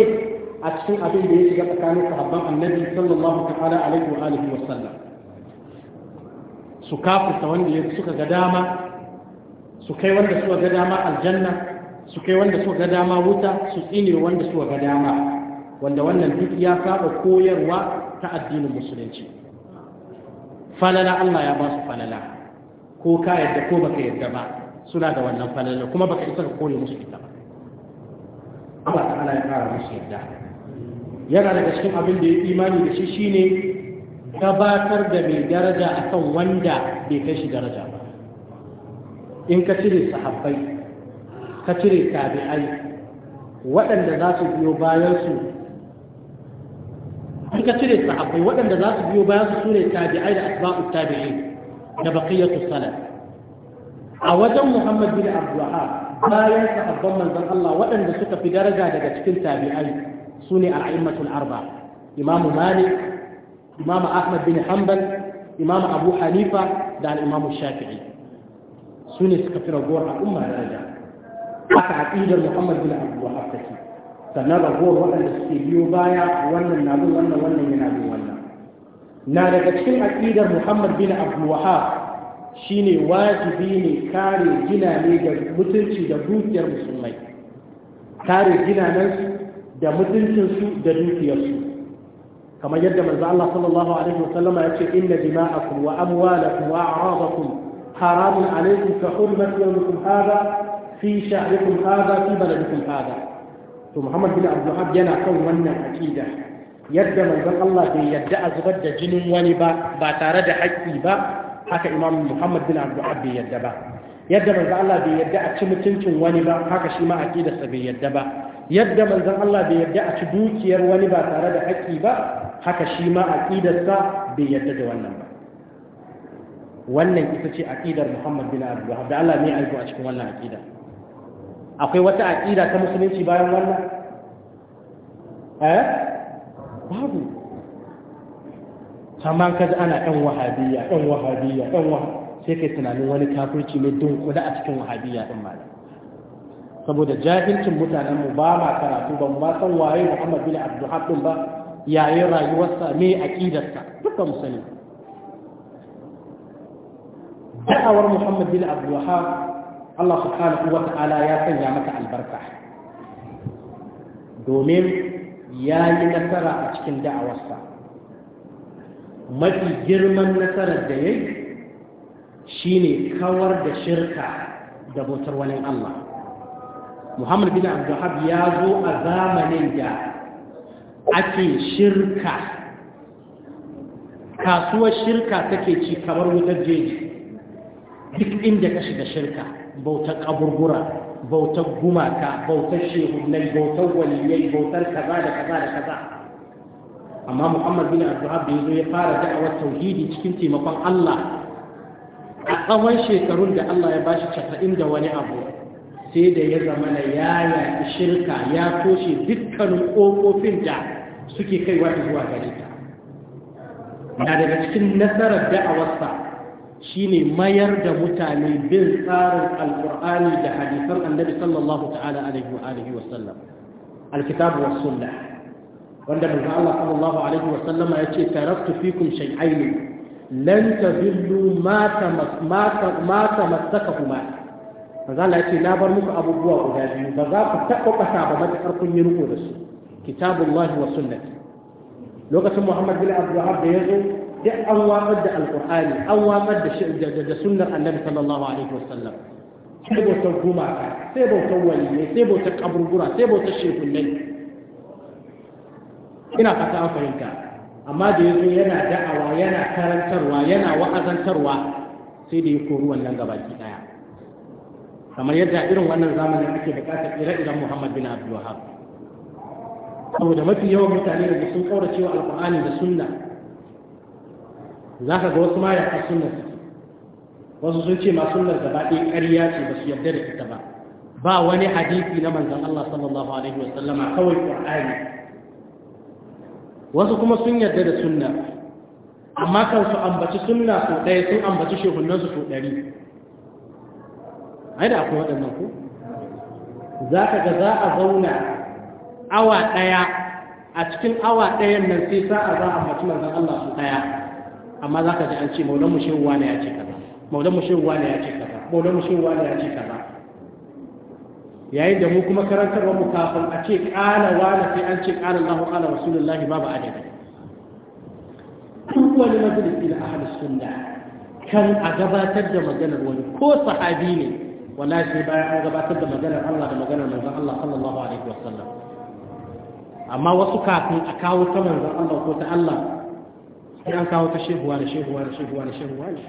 a cikin abin da ya shiga tsakanin sahabban annabi sallallahu ta'ala alaihi wa alihi wa sallam su kafirta wanda ya suka ga dama su kai wanda suka ga dama aljanna su kai wanda suka ga dama wuta su tsine wanda suka ga dama wanda wannan duk ya saba koyarwa ta addinin musulunci falala Allah ya ba su falala ko ka yadda ko baka yadda ba suna da wannan falala kuma baka isa ka koyi musu ita ba Allah ta'ala ya fara musu yadda yana daga cikin abin da ya imani da shi shine gabatar da mai daraja akan wanda bai kai shi daraja ba in ka cire sahabbai ka cire tabi'ai waɗanda za su biyo bayan su in ka cire sahabbai waɗanda za su biyo bayan su sune tabi'ai da asba'u tabi'i da baqiyatu salaf a wajen Muhammad bin Abdullah bayan sahabban manzon Allah waɗanda suka fi daraja daga cikin tabi'ai sune al-a'immatul arba Imam Malik Imam Ahmad bin Hanbal Imam Abu Hanifa da al-Imam Shafi'i sune suka fi ragowar al'umma daraja haka aqidar Muhammad bin Abdullah take sannan ragowar waɗanda suke biyo baya wannan na bin wannan wannan yana bin wannan na daga cikin aƙidar muhammad bin abdulwahab shine wajibi ne kare gina ne da mutunci da dukiyar musulmai kare gina nan da mutuncinsu da dukiyarsu kamar yadda manzo Allah sallallahu alaihi wa sallama ya ce inna dima'akum wa amwalakum wa a'radakum haramun alaykum ka hurmatu yawmikum hadha fi sha'rikum hadha fi baladikum hadha to Muhammad bin Abdul yana kan wannan aqida yadda manzon Allah bai yadda a zubar da jinin wani ba ba tare da haƙƙi ba haka Imam Muhammad bin Abdul bai yadda ba yadda manzon Allah bai yadda a ci mutuncin wani ba haka shi ma aqidarsa bai yadda ba yadda manzon Allah bai yadda a ci dukiyar wani ba tare da haƙƙi ba haka shi ma aqidarsa bai yadda da wannan ba wannan ita ce aqidar Muhammad bin Abdul da Allah ne aiko a cikin wannan aqidar akwai wata aƙida ta musulunci bayan wannan eh babu amma ka ji ana ɗan wahabiyya ɗan wahabiyya ɗan wahabiyya sai kai tunanin wani kafirci mai kuda a cikin wahabiyya ɗin malam saboda jahilcin mutanen mu ba ma karatu ba ma san waye Muhammad bin Abdulhab ba yayin rayuwarsa me aqidarsa dukkan mu sani da'awar Muhammad bin Abdulhab Allah subhanahu wa ta'ala ya sanya maka albarka domin ya yi nasara a cikin da'awarsa mafi girman nasarar da ya yi shi ne kawar da shirka da bautar wani Allah Muhammad bin Abdullahab ya zo a zamanin da ake shirka kasuwar shirka take ci kamar wutar jeji duk inda ka shiga shirka bautar kaburbura bautar gumaka bautar shehunai bautar waliyai bautar kaza da kaza da kaza amma muhammad bin abdullahi ya zo ya fara da'awar tauhidi cikin taimakon allah a tsawon shekarun da allah ya bashi casa'in da wani abu sai da ya zama na ya yaƙi shirka ya toshe dukkanin ƙofofin da suke kaiwa zuwa gare ta na daga cikin nasarar da'awarsa shine mayar da mutane bin tsarin alkur'ani da hadisan annabi sallallahu ta'ala alaihi wa alihi wa sallam alkitab wa sunna wanda manzo Allah sallallahu alaihi wa sallam ya ce taraktu fikum shay'ain lan tadillu ma ma ma tamassakuma manzo Allah ya ce na bar muku abubuwa guda biyu ba za ku taɓa ƙasa ba matakar kun yi riko da su kitabullahi wa sunnati lokacin Muhammad bin Abdul da ya zo duk an watsar da alƙur'ani an watsar da sunnar annabi sallallahu alaihi wasallam sai bautar gumaka sai bautar waliyai sai bautar kaburbura sai bautar shekunai ina fata an fahimta amma da yazo yana da'awa yana karantarwa yana wa'azantarwa sai da ya kori wannan gabaki daya kamar yadda irin wannan zamanin ake bukatar ire-iren Muhammad bin Abdul Wahab saboda mafi yawan mutane da sun kaurace wa alƙur'ani da sunna za ka ga wasu ma ya sunan suke wasu sun ce masu sunan gaba ɗaya ƙarya ce ba su yarda da ita ba ba wani hadisi na manzan Allah sallallahu alaihi wa sallama kawai Qur'ani wasu kuma sun yarda da sunna amma kan su ambaci sunna so ɗaya sun ambaci shehunan su ko ɗari ai da akwai waɗannan ku za ka ga za a zauna awa ɗaya a cikin awa ɗayan nan sai sa'a za a ambaci manzon Allah su ɗaya amma za ka ji an ce maulan mu shehu wani ya ce kaza maulan mu shehu wani ya ce kaza maulan mu shehu wani ya ce kaza yayin da mu kuma karantarwar mu kafin a ce ƙala wane sai an ce ƙala Allahu ƙala Rasulullahi babu adadi duk wani majalisi na ahlus sunna kan a gabatar da maganar wani ko sahabi ne wallahi sai bayan an gabatar da maganar Allah da maganar manzon Allah sallallahu alaihi wasallam amma wasu kafin a kawo ta manzon Allah ko ta Allah sai an kawo ta shehuwa da shehuwa da shehuwa da shehuwa ne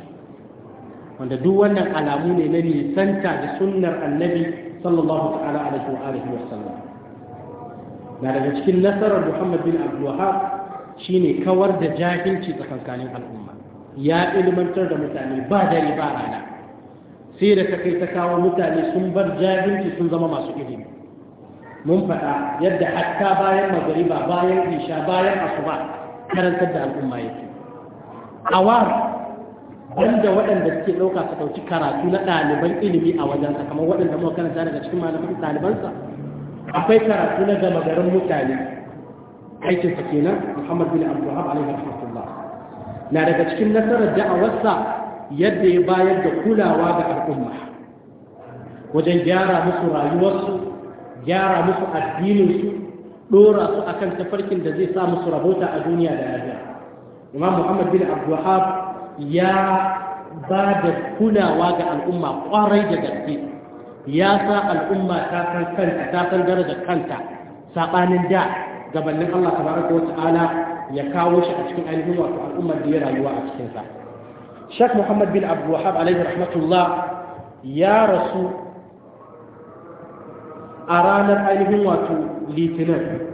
wanda duk wannan alamu ne na nisanta da sunnar annabi sallallahu ta'ala alaihi wa alihi wa sallam na daga cikin nasarar muhammad bin abdulwahab shine kawar da jahilci tsakankanin al'umma ya ilmantar da mutane ba dare ba rana sai da ta kai ta kawo mutane sun bar jahilci sun zama masu ilimi mun faɗa yadda hatta bayan magariba bayan isha bayan asuba karantar da al'umma yake awar wanda waɗanda suke ɗauka su ɗauki karatu na ɗaliban ilimi a wajensa kamar waɗanda muka karanta daga cikin malaman ɗalibansa akwai karatu na gama garin mutane aikinsa kenan muhammad bin abdullahi alaihi rahmatullah na daga cikin nasarar da'awarsa yadda ya bayar da kulawa ga al'umma wajen gyara musu rayuwarsu gyara musu addininsu ɗora su akan tafarkin da zai sa musu rabota a duniya da lafiya imam muhammad bin abdulhab ya ba da kulawa ga al'umma kwarai da gaske ya sa al'umma ta san kanta ta san darajar kanta sabanin da gabanin Allah tabaraka wata'ala ya kawo shi a cikin ainihin wato al'ummar da ya rayuwa a cikin sa Sheikh Muhammad bin Abdul Wahhab alaihi rahmatullah ya rasu a ranar ainihin wato Litinin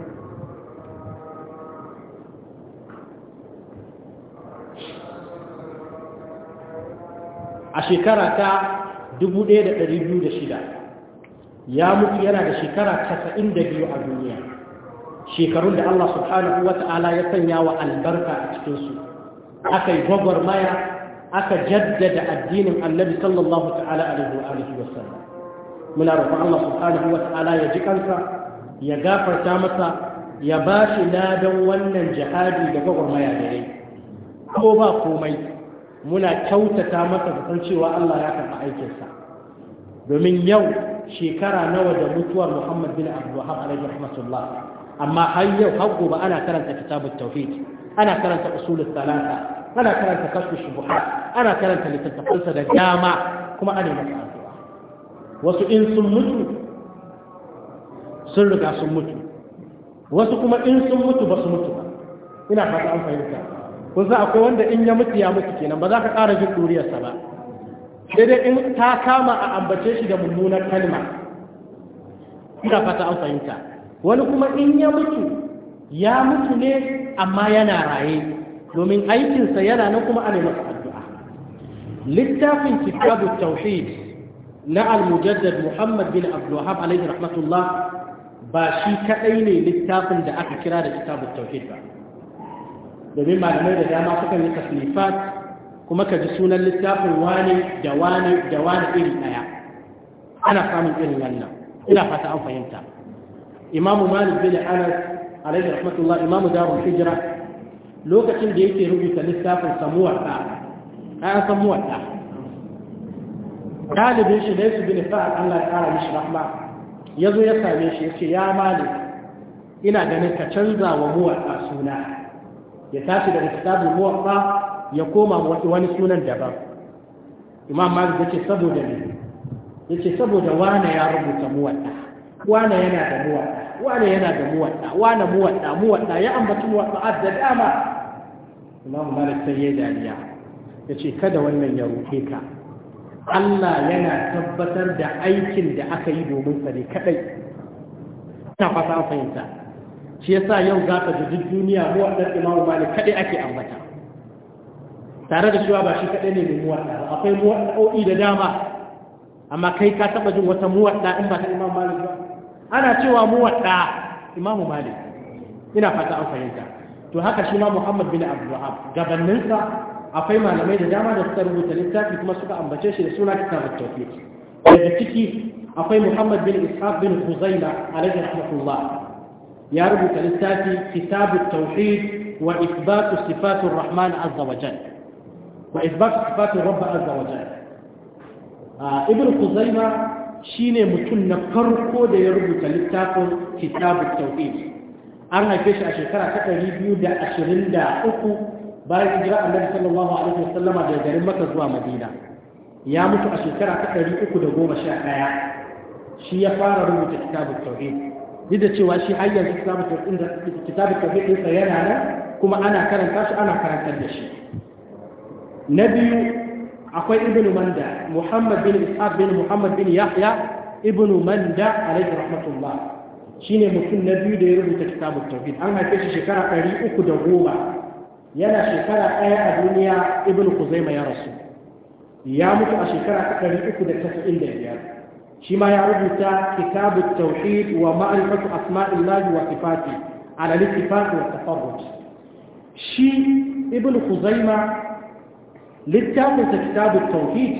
a shekara ta 1206 ya mutu yana da shekara 92 a duniya shekarun da Allah subhanahu wata'ala ya sanya wa albarka a cikinsu aka yi gwagwarmaya aka jaddada addinin annabi sallallahu ta'ala alaihi wa sallam muna roƙon Allah subhanahu wata'ala ya ji kansa ya gafarta masa ya ba shi ladan wannan jihadi da gwagwarmaya da yayi ko ba komai muna kyautata masa san cewa Allah ya karɓi aikinsa domin yau shekara nawa da mutuwar Muhammad bin Abdul Wahab alaihi rahmatullah amma har yau har gobe ana karanta kitabut tauhid ana karanta usulul salata ana karanta kashfu shubuhat ana karanta littattafansa da dama kuma ana masa addu'a wasu in sun mutu sun riga sun mutu wasu kuma in sun mutu ba su mutu ba ina fata an fahimta kusa akwai wanda in ya mutu ya mutu kenan ba za ka ƙara jin ɗuriyarsa ba sai dai in ta kama a ambace shi da mummunar kalma ina fata an fahimta wani kuma in ya mutu ya mutu ne amma yana raye domin aikinsa yana nan kuma ana masa addu'a littafin kitabu tauhid na al-mujaddad muhammad bin abdulwahab alaihi rahmatullah ba shi kadai ne littafin da aka kira da kitabu tauhid ba domin malamai da dama sukan yi tasnifat kuma ka ji sunan littafin wani da wani da wani iri ɗaya ana samun irin wannan ina fata an fahimta imamu malik bin anas alaihi rahmatullah imamu darul hijra lokacin da yake rubuta littafin samuwar ɗa ayan samuwar ɗa ɗalibin shi ne su bin fa'al Allah ya ƙara mishi rahma ya zo ya same shi ya ce ya malik ina ganin ka canza wa muwaɗa suna ya tashi daga kitabu muwaffa ya koma wani sunan daban imam malik yace saboda ne yace saboda wane ya rubuta muwadda wane yana da muwadda wane yana da muwadda wane muwadda muwadda ya ambaci muwadda da dama imam malik sai ya dariya yace kada wannan ya rufe ka Allah yana tabbatar da aikin da aka yi domin sa ne kadai ta fasa fahimta shi yasa yau za ka ji duniya mu wannan imamu malik kadai ake ambata tare da cewa ba shi kadai ne mai muwadda ba akwai muwadda'o'i da dama amma kai ka taba jin wata muwadda in ba ta imamu malik ba ana cewa muwadda imamu malik ina fata an fahimta to haka shi ma muhammad bin abdulwahab gabaninsa akwai malamai da dama da suka rubuta littafi kuma suka ambace shi da suna kitabut tawfiq daga ciki akwai muhammad bin ishaq bin huzaila alaihi rahmatullah يارب تلساتي كتاب التوحيد وإثبات صفات الرحمن عز وجل وإثبات صفات الرب عز وجل آه، ابن قزيمة شيني متن فرقو دي يارب تلساتي كتاب التوحيد أنا كيش أشكرا كتري بيو دي أشرين دا أكو بارك إجراء النبي صلى الله عليه وسلم دي جريمة زوا مدينة يا متو أشكرا كتري أكو دي قوم شاكايا شيا فارا رب تلساتي كتاب التوحيد duk da cewa shi har yanzu kitabu tafsir da ta tafsir ɗinsa yana nan kuma ana karanta shi ana karantar da shi na biyu akwai ibn manda muhammad bin ishaq bin muhammad bin yahya ibn manda alaihi rahmatullah shine mutum na biyu da ya rubuta kitabu tafsir an haife shi shekara ɗari uku da goma yana shekara ɗaya a duniya ibn kuzaima ya rasu ya mutu a shekara ta ɗari uku da tasa'in da biyar shi ma ya rubuta kitabu tauhid wa ma'rifatu asma'illahi wa sifati ala al-ittifaq wa tafarruj shi ibn khuzaima littafin sa kitabu tauhid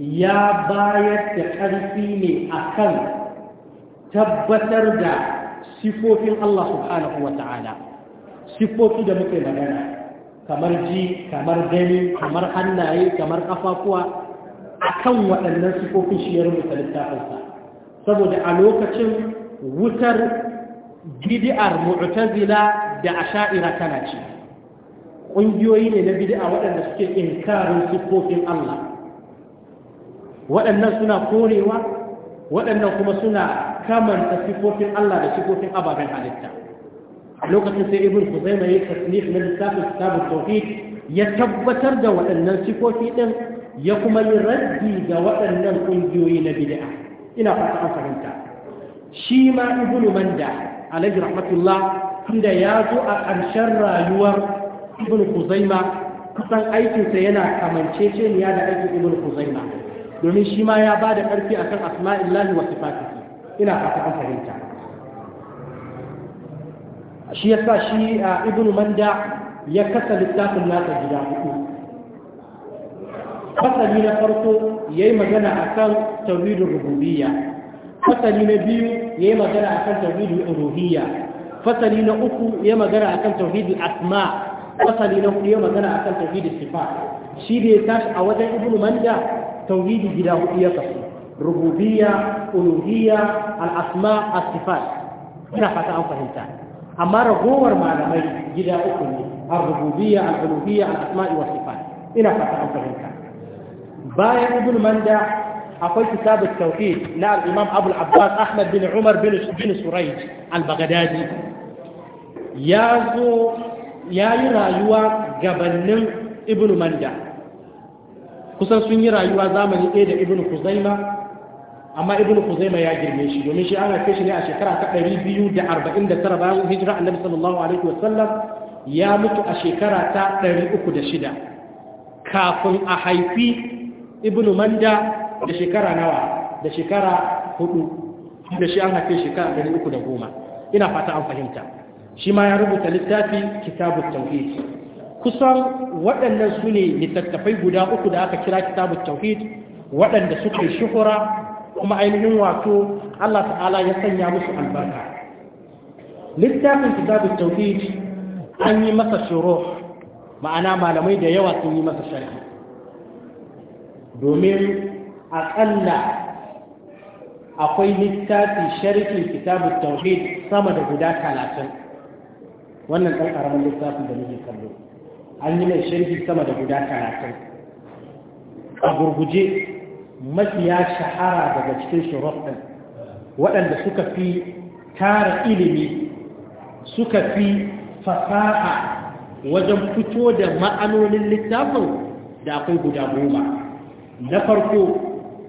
ya bayar da ƙarfi ne akan tabbatar da sifofin Allah subhanahu wa ta'ala sifofi da muke magana kamar ji kamar gani kamar hannaye kamar kafafuwa akan waɗannan sifofin shi ya littafinsa saboda a lokacin wutar bid'ar mu'tazila da Sha'ira tana ci ƙungiyoyi ne na bid'a waɗanda suke inkarin sifofin Allah waɗannan suna korewa waɗannan kuma suna kamanta sifofin Allah da sifofin ababen halitta a lokacin sai ibn kuzaima ya tasnif na littafin kitabut tauhid ya tabbatar da waɗannan sifofi ɗin. ya kuma yi raddi ga waɗannan ƙungiyoyi na bid'a ina fata an fahimta shi ma ibnu manda alaihi rahmatullah tunda ya zo a ƙarshen rayuwar ibnu kuzaima kusan aikinsa yana kamanceceniya da aikin ibnu kuzaima domin shi ma ya ba da ƙarfi akan asma'illahi wa sifatihi ina fata an fahimta shi yasa shi ibnu manda ya kasa littafin nasa gida hudu fasali na farko ya yi magana akan tauhidul rububiya fasali na biyu ya yi magana akan tauhidul uluhiyya fasali na uku ya yi magana akan tauhidul asma fasali na ya yi magana akan tauhidul sifa shi da ya tashi a wajen ibnu manda tauhidi gida hudu ya kasu rububiya, uluhiyya al-asma sifat ina fata an fahimta amma ragowar malamai gida uku ne ar-rububiyya al-uluhiyya al-asma wa sifat ina fata an fahimta bayan ibn manda akwai kitab tauhid na al-imam abbas ahmad bin umar bin suraij al-baghdadi ya zo ya yi rayuwa gabanin ibn manda kusan sun yi rayuwa zamani ɗaya da ibn kuzaima amma ibn kuzaima ya girme shi domin shi ana kai shi ne a shekara ta 249 bayan hijira annabi sallallahu alaihi sallam, ya mutu a shekara ta 306 kafin a haifi ibn manda da shekara nawa da shekara hudu da shi an haife shekara da uku da goma ina fata an fahimta shi ma ya rubuta littafi kitabut tauhid kusan waɗannan su ne littattafai guda uku da aka kira kitabu tauhid waɗanda suke yi shuhura kuma ainihin wato Allah ta'ala ya sanya musu albarka littafin kitabut tauhid an yi masa shuru ma'ana malamai da yawa sun yi masa sharhi domin aƙalla akwai littafi sharhin kitabun tauhid sama da guda talatin wannan ɗan ƙaramin littafin da muke kallo an yi mai sharhi sama da guda talatin a gurguje mafiya shahara daga cikin shurufin waɗanda suka fi tara ilimi suka fi fasaha wajen fito da ma'anonin littafin da akwai guda goma na farko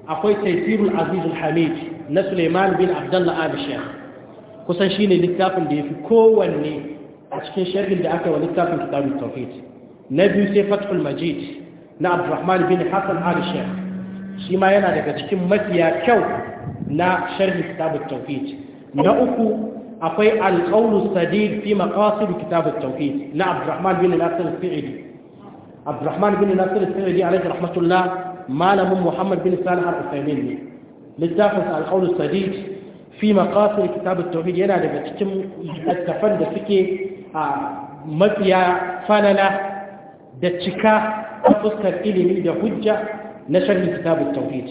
akwai taifirul aziz hamid na suleiman bin abdullah abishah kusan shine littafin da ya fi kowanne a cikin sharhin da aka wa littafin kitabul tawhid na biyu sai fathul majid na abdurrahman bin hassan abishah shi ma yana daga cikin mafiya kyau na sharhin kitabul tawhid na uku akwai alƙaunu sadid fi maqasid kitab at na abdurrahman bin nasir al-fi'li abdurrahman bin nasir al-fi'li alayhi rahmatullah مالم محمد بن صالح الحسيني للتافس على القول السديد في مقاصد كتاب التوحيد هنا لما تتم التفن سكي آه، مطيا فننا ده تشكا تفسك من ده نشر كتاب التوحيد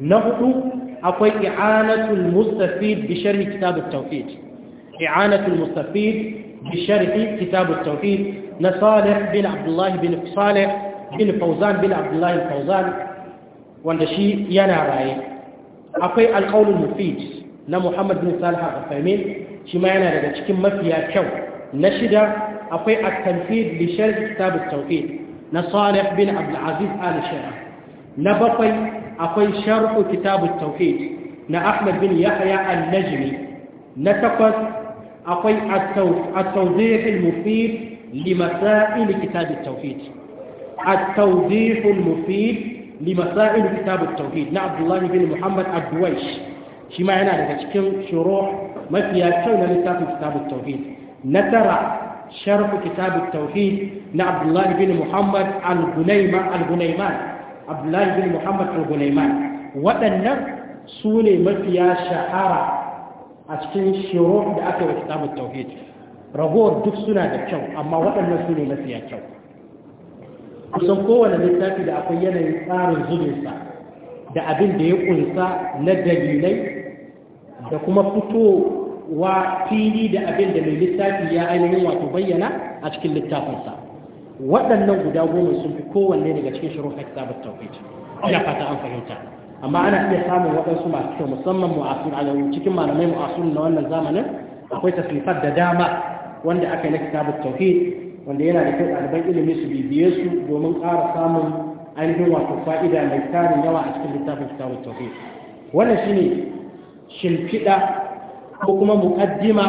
نهدو أقوي إعانة المستفيد بشر كتاب التوحيد إعانة المستفيد بشرح كتاب التوحيد لصالح بن عبد الله بن صالح bin fauzan bin abdullahi fauzan wanda shi yana raye akwai alƙaunin mufid na muhammad bin salha al-fahmin shi ma yana daga cikin mafiya kyau na shida akwai at-tanfid li sharh kitab at na salih bin abdul aziz al-shara na bakwai akwai sharh kitab at-tauhid na ahmad bin yahya al-najmi na takwas akwai at-tawdih al-mufid li masail kitab at-tauhid التوضيح المفيد لمسائل كتاب التوحيد عبد الله بن محمد الدويش شي معنى لتشكيل شروح ما فيها كون لكتاب كتاب التوحيد نترى شرف كتاب التوحيد عبد الله بن محمد الغنيمة الغنيمان عبد الله بن محمد الغنيمان وأن سولة ما فيها شعارة أشكين شروح بأكل التوحيد رغور دكسنا دكشو أما وأن سولة ما فيها شعارة kusan kowane littafi da akwai yanayin tsarin zubinsa da abin da ya kunsa na dalilai da kuma fitowa fili da abin da mai littafi ya ainihin wato bayyana a cikin littafinsa waɗannan guda goma sun fi kowanne daga cikin shirin haisabar tauhid ina fata an fahimta amma ana iya samun waɗansu masu kyau musamman mu a cikin malamai mu'asir na wannan zamanin akwai tasirifar da dama wanda aka yi na kitabar tauhid wanda yana da kyau ɗaliban ilimi su bibiye su domin ƙara samun ainihin wato fa'ida mai tarin yawa a cikin littafin kitabun tauhid wannan shine shimfiɗa ko kuma muƙaddima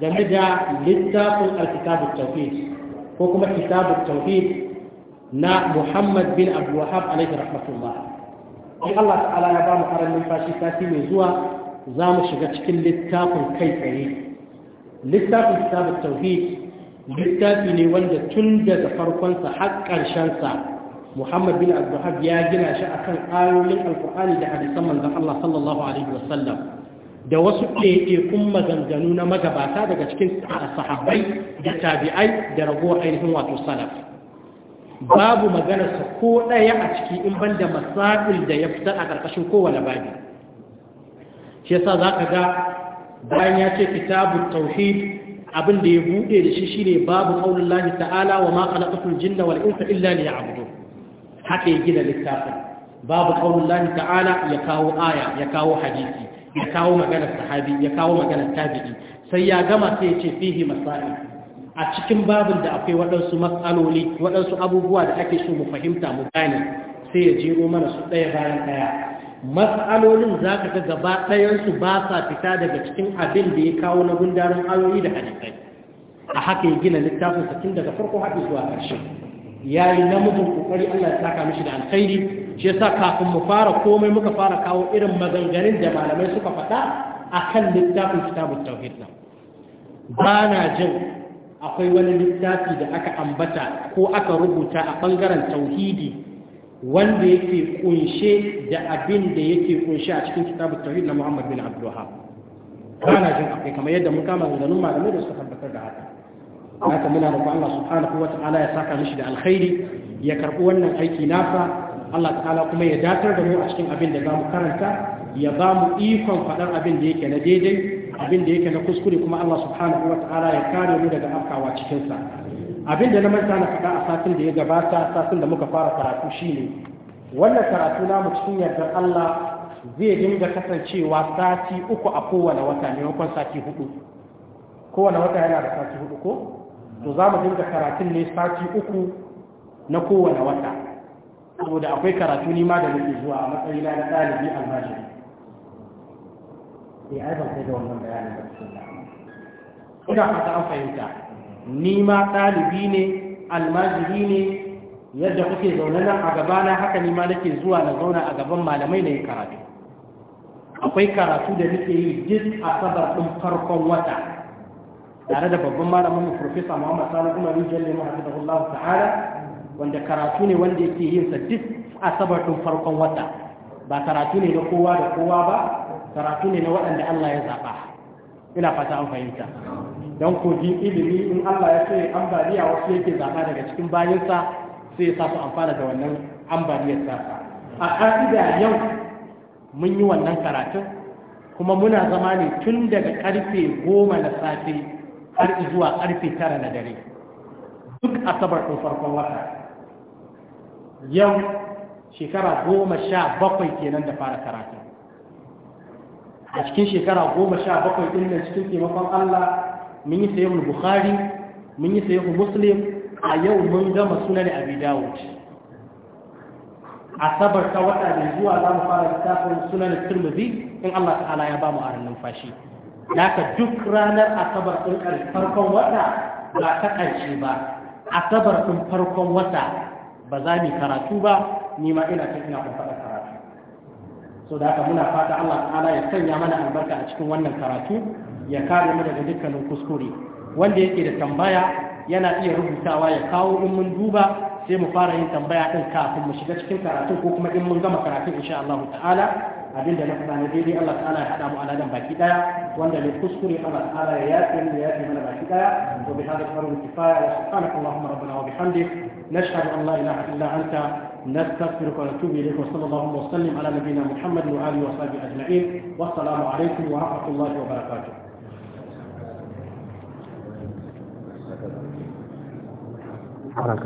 game da littafin alkitabun tauhid ko kuma kitabun tauhid na Muhammad bin Abdul Wahab alaihi rahmatullah in Allah ta'ala ya ba mu karan numfashi sati mai zuwa za mu shiga cikin littafin kai tsaye littafin kitabun tauhid littafi ne wanda tun daga farkonsa har ƙarshensa muhammad bin abdullahab ya gina shi akan ayoyin alkur'ani da hadisan manzan allah sallallahu alaihi wasallam da wasu ɗaiɗaikun maganganu na magabata daga cikin sahabbai da tabi'ai da ragowar ainihin wato salaf babu maganarsa ko ɗaya a ciki in ban da masail da ya fitar a ƙarƙashin kowane babi shi yasa za ka ga bayan ya ce kitabun tauhid abin da ya buɗe da shi shine babu qaulul lahi ta'ala wa ma khalaqatul jinna wal insa illa liya'budun haka ya gina littafin babu qaulul lahi ta'ala ya kawo aya ya kawo hadisi ya kawo maganar sahabi ya kawo maganar tabi'i sai ya gama sai ya ce fihi masail a cikin babin da akwai waɗansu matsaloli waɗansu abubuwa da ake so mu fahimta mu gane sai ya jero mana su ɗaya bayan ɗaya matsalolin za ka ga gaba ɗayansu ba sa fita daga cikin abin da ya kawo na gundarin ayoyi da hadisai a haka ya gina littafin sakin daga farko haɗe zuwa ƙarshe ya yi namijin ƙoƙari allah ya saka mishi da alkhairi shi ya yasa kafin mu fara komai muka fara kawo irin maganganun da malamai suka faɗa a kan littafin kitabun tauhid nan ba na jin akwai wani littafi da aka ambata ko aka rubuta a ɓangaren tauhidi wanda yake kunshe da abin da yake kunshe a cikin kitabu tauhid na Muhammad bin Abdul Wahhab kana jin akai kamar yadda mun kama zanun malamai da suka tabbatar da haka haka muna roƙon Allah subhanahu wata'ala ya saka mishi da alkhairi ya karɓi wannan aiki nafa Allah ta'ala kuma ya datar da mu a cikin abin da zamu karanta ya ba mu ikon faɗar abin da yake na daidai abin da yake na kuskure kuma Allah subhanahu wata'ala ya kare mu daga afkawa cikin sa abin da na manta na faɗa a satin da ya gabata satin da muka fara karatu shine wannan karatu na mu cikin yardar Allah zai dinga kasancewa sati uku a kowane wata maimakon sati hudu kowane wata yana da sati hudu ko to za mu dinga karatun ne sati uku na kowane wata saboda akwai karatu nima da nake zuwa a matsayi na ɗalibi almajiri eh ai ban kai da wannan bayanin ba ina fata an fahimta ni ma ɗalibi ne almajiri ne yadda kuke zaune nan a gabana haka ni ma nake zuwa na zauna a gaban malamai na yi karatu akwai karatu da nake yi duk asabar ɗin farkon wata tare da babban malamin mu profesa Muhammad Sani Umar Jalle mu hafizahullahu ta'ala wanda karatu ne wanda yake yin sa duk asabar ɗin farkon wata ba karatu ne na kowa da kowa ba karatu ne na waɗanda Allah ya zaɓa ina fata an fahimta don kogin ilimi in Allah ya ce ambaliya wasu yake zaɓa daga cikin bayansa sai ya sa su amfana da wannan ambaliyar ta a ƙa'ida yau mun yi wannan karatun kuma muna zama ne tun daga karfe goma na safe har zuwa ƙarfe tara na dare duk asabar ɗin farkon wata yau shekara goma sha bakwai kenan da fara karatu a cikin shekara goma sha bakwai ɗin nan cikin taimakon Allah mun yi sayan Bukhari mun yi sayan Muslim a yau mun gama sunan Abi Dawud asabar ta wata da zuwa za mu fara littafin sunan Tirmidhi in Allah ta'ala ya ba mu aran numfashi naka duk ranar asabar ɗin farkon wata ba ta ƙarshe ba asabar ɗin farkon wata ba za mu karatu ba ni ma ina cikin ina kun faɗa so da haka muna fata Allah ta'ala ya sanya mana albarka a cikin wannan karatu ya kare mu daga dukkanin kuskure wanda yake da tambaya yana iya rubutawa ya kawo in mun duba sai mu fara yin tambaya din kafin mu shiga cikin karatu ko kuma in mun gama karatu insha Allah ta'ala abinda na faɗa ne daidai Allah ta'ala ya haɗa mu aladan baki daya wanda mai kuskure Allah ta'ala ya yafe mu ya yafe mana baki daya to bi hada karu kifaya wa subhanakallahumma rabbana wa bihamdik nashhadu an la ilaha illa anta نستغفرك ونتوب إليك وصلى الله وسلم على نبينا محمد وآله وصحبه أجمعين والسلام عليكم ورحمة الله وبركاته حركة